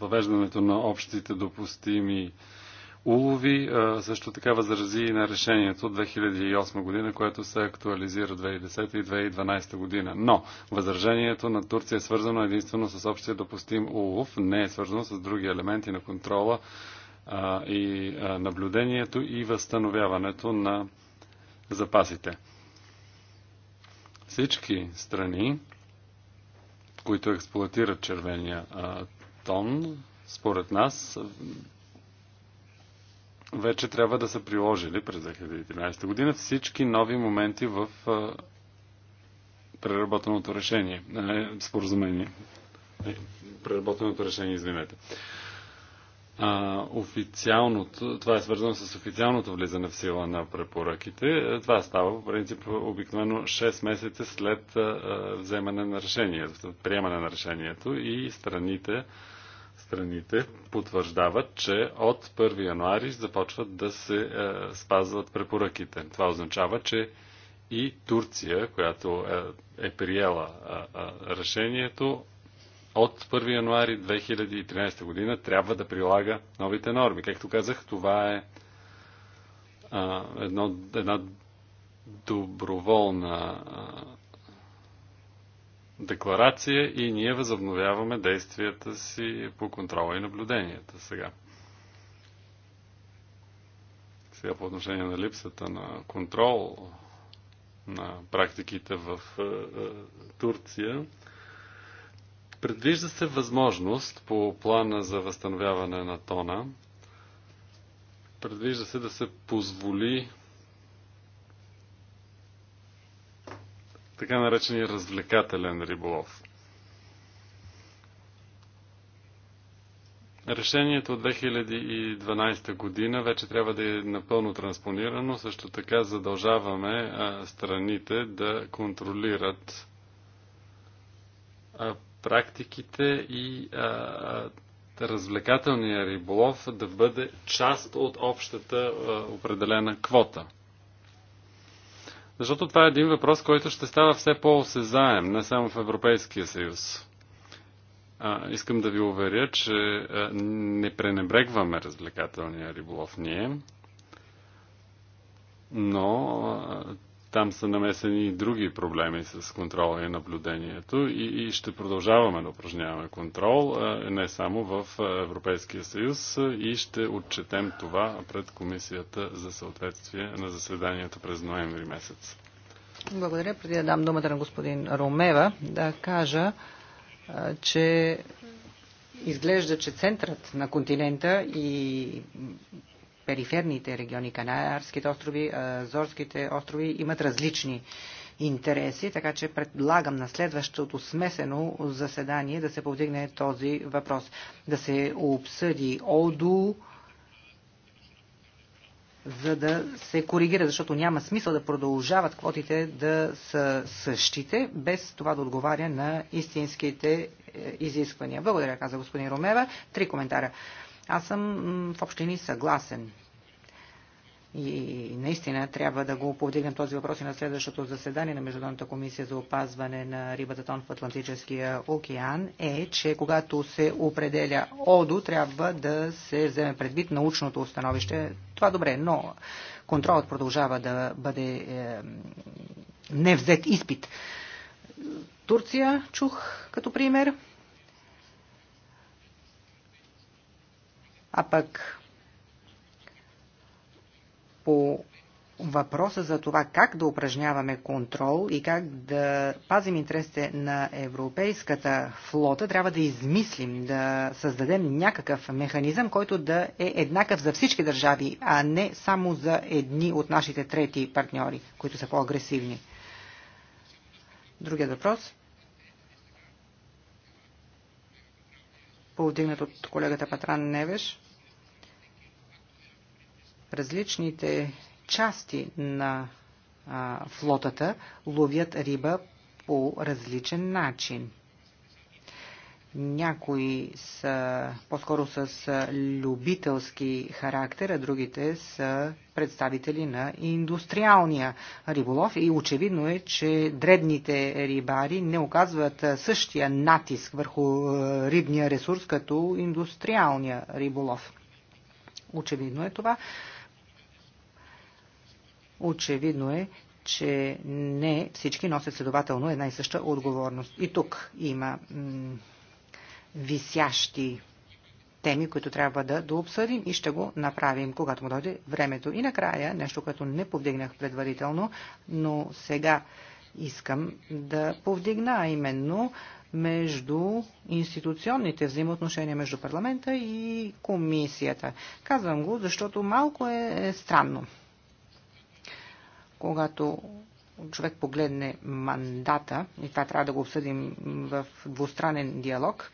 въвеждането на общите допустими улови, също така възрази и на решението от 2008 година, което се актуализира 2010 и 2012 година. Но възражението на Турция е свързано единствено с общия допустим улов, не е свързано с други елементи на контрола а, и а, наблюдението и възстановяването на запасите. Всички страни, които експлуатират червения а, тон, според нас вече трябва да са приложили през 2011 година всички нови моменти в преработеното решение, споразумение, е, преработеното решение, извинете. А, официалното, това е свързано с официалното влизане в сила на препоръките. Това става, по принцип, обикновено 6 месеца след а, вземане на решението, приемане на решението и страните страните потвърждават, че от 1 януари започват да се е, спазват препоръките. Това означава, че и Турция, която е, е приела е, е, решението, от 1 януари 2013 година трябва да прилага новите норми. Както казах, това е, е едно, една доброволна е, декларация и ние възобновяваме действията си по контрола и наблюденията сега. Сега по отношение на липсата на контрол на практиките в е, е, Турция, предвижда се възможност по плана за възстановяване на тона, предвижда се да се позволи така наречения развлекателен риболов. Решението от 2012 година вече трябва да е напълно транспонирано. Също така задължаваме страните да контролират практиките и развлекателния риболов да бъде част от общата определена квота. Защото това е един въпрос, който ще става все по-осезаем, не само в Европейския съюз. А, искам да ви уверя, че а, не пренебрегваме развлекателния риболов ние, но а, там са намесени и други проблеми с контрола и наблюдението и, и ще продължаваме да упражняваме контрол, не само в Европейския съюз и ще отчетем това пред Комисията за съответствие на заседанието през ноември месец. Благодаря. Преди да дам думата на господин Ромева, да кажа, че изглежда, че центърът на континента и периферните региони, Канарските острови, Зорските острови имат различни интереси, така че предлагам на следващото смесено заседание да се повдигне този въпрос. Да се обсъди ОДУ, за да се коригира, защото няма смисъл да продължават квотите да са същите, без това да отговаря на истинските е, изисквания. Благодаря, каза господин Ромева. Три коментара. Аз съм в общини съгласен. И наистина трябва да го повдигнем този въпрос и на следващото заседание на Международната комисия за опазване на рибата тон в Атлантическия океан е, че когато се определя ОДО, трябва да се вземе предвид научното установище. Това добре, но контролът продължава да бъде е, невзет изпит. Турция чух като пример. А пък по въпроса за това как да упражняваме контрол и как да пазим интересите на европейската флота, трябва да измислим, да създадем някакъв механизъм, който да е еднакъв за всички държави, а не само за едни от нашите трети партньори, които са по-агресивни. Другият въпрос. Повдигнат от колегата Патран Невеш различните части на а, флотата ловят риба по различен начин. Някои са по-скоро с любителски характер, а другите са представители на индустриалния риболов и очевидно е, че дребните рибари не оказват същия натиск върху рибния ресурс като индустриалния риболов. Очевидно е това. Очевидно е, че не всички носят следователно една и съща отговорност. И тук има висящи теми, които трябва да дообсъдим и ще го направим, когато му дойде времето. И накрая, нещо, което не повдигнах предварително, но сега искам да повдигна, а именно между институционните взаимоотношения между парламента и комисията. Казвам го, защото малко е странно когато човек погледне мандата, и това трябва да го обсъдим в двустранен диалог,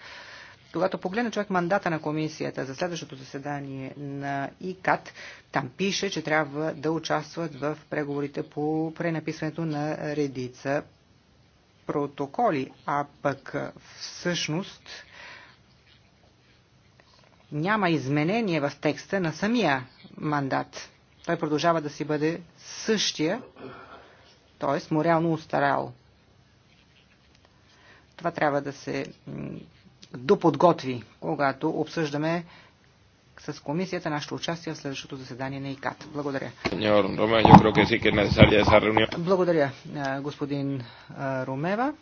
когато погледне човек мандата на комисията за следващото заседание на ИКАТ, там пише, че трябва да участват в преговорите по пренаписването на редица протоколи, а пък всъщност няма изменение в текста на самия мандат той продължава да си бъде същия, т.е. морално устарял. Това трябва да се доподготви, когато обсъждаме с комисията нашето участие в следващото заседание на ИКАТ. Благодаря. Благодаря, господин Румева.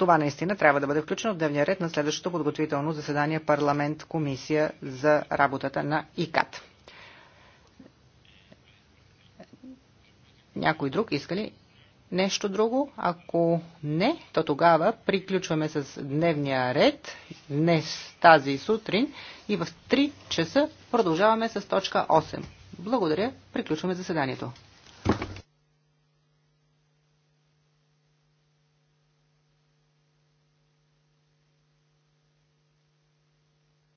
Това наистина трябва да бъде включено в дневния ред на следващото подготвително заседание парламент-комисия за работата на ИКАТ. Някой друг иска ли нещо друго? Ако не, то тогава приключваме с дневния ред днес тази сутрин и в 3 часа продължаваме с точка 8. Благодаря, приключваме заседанието.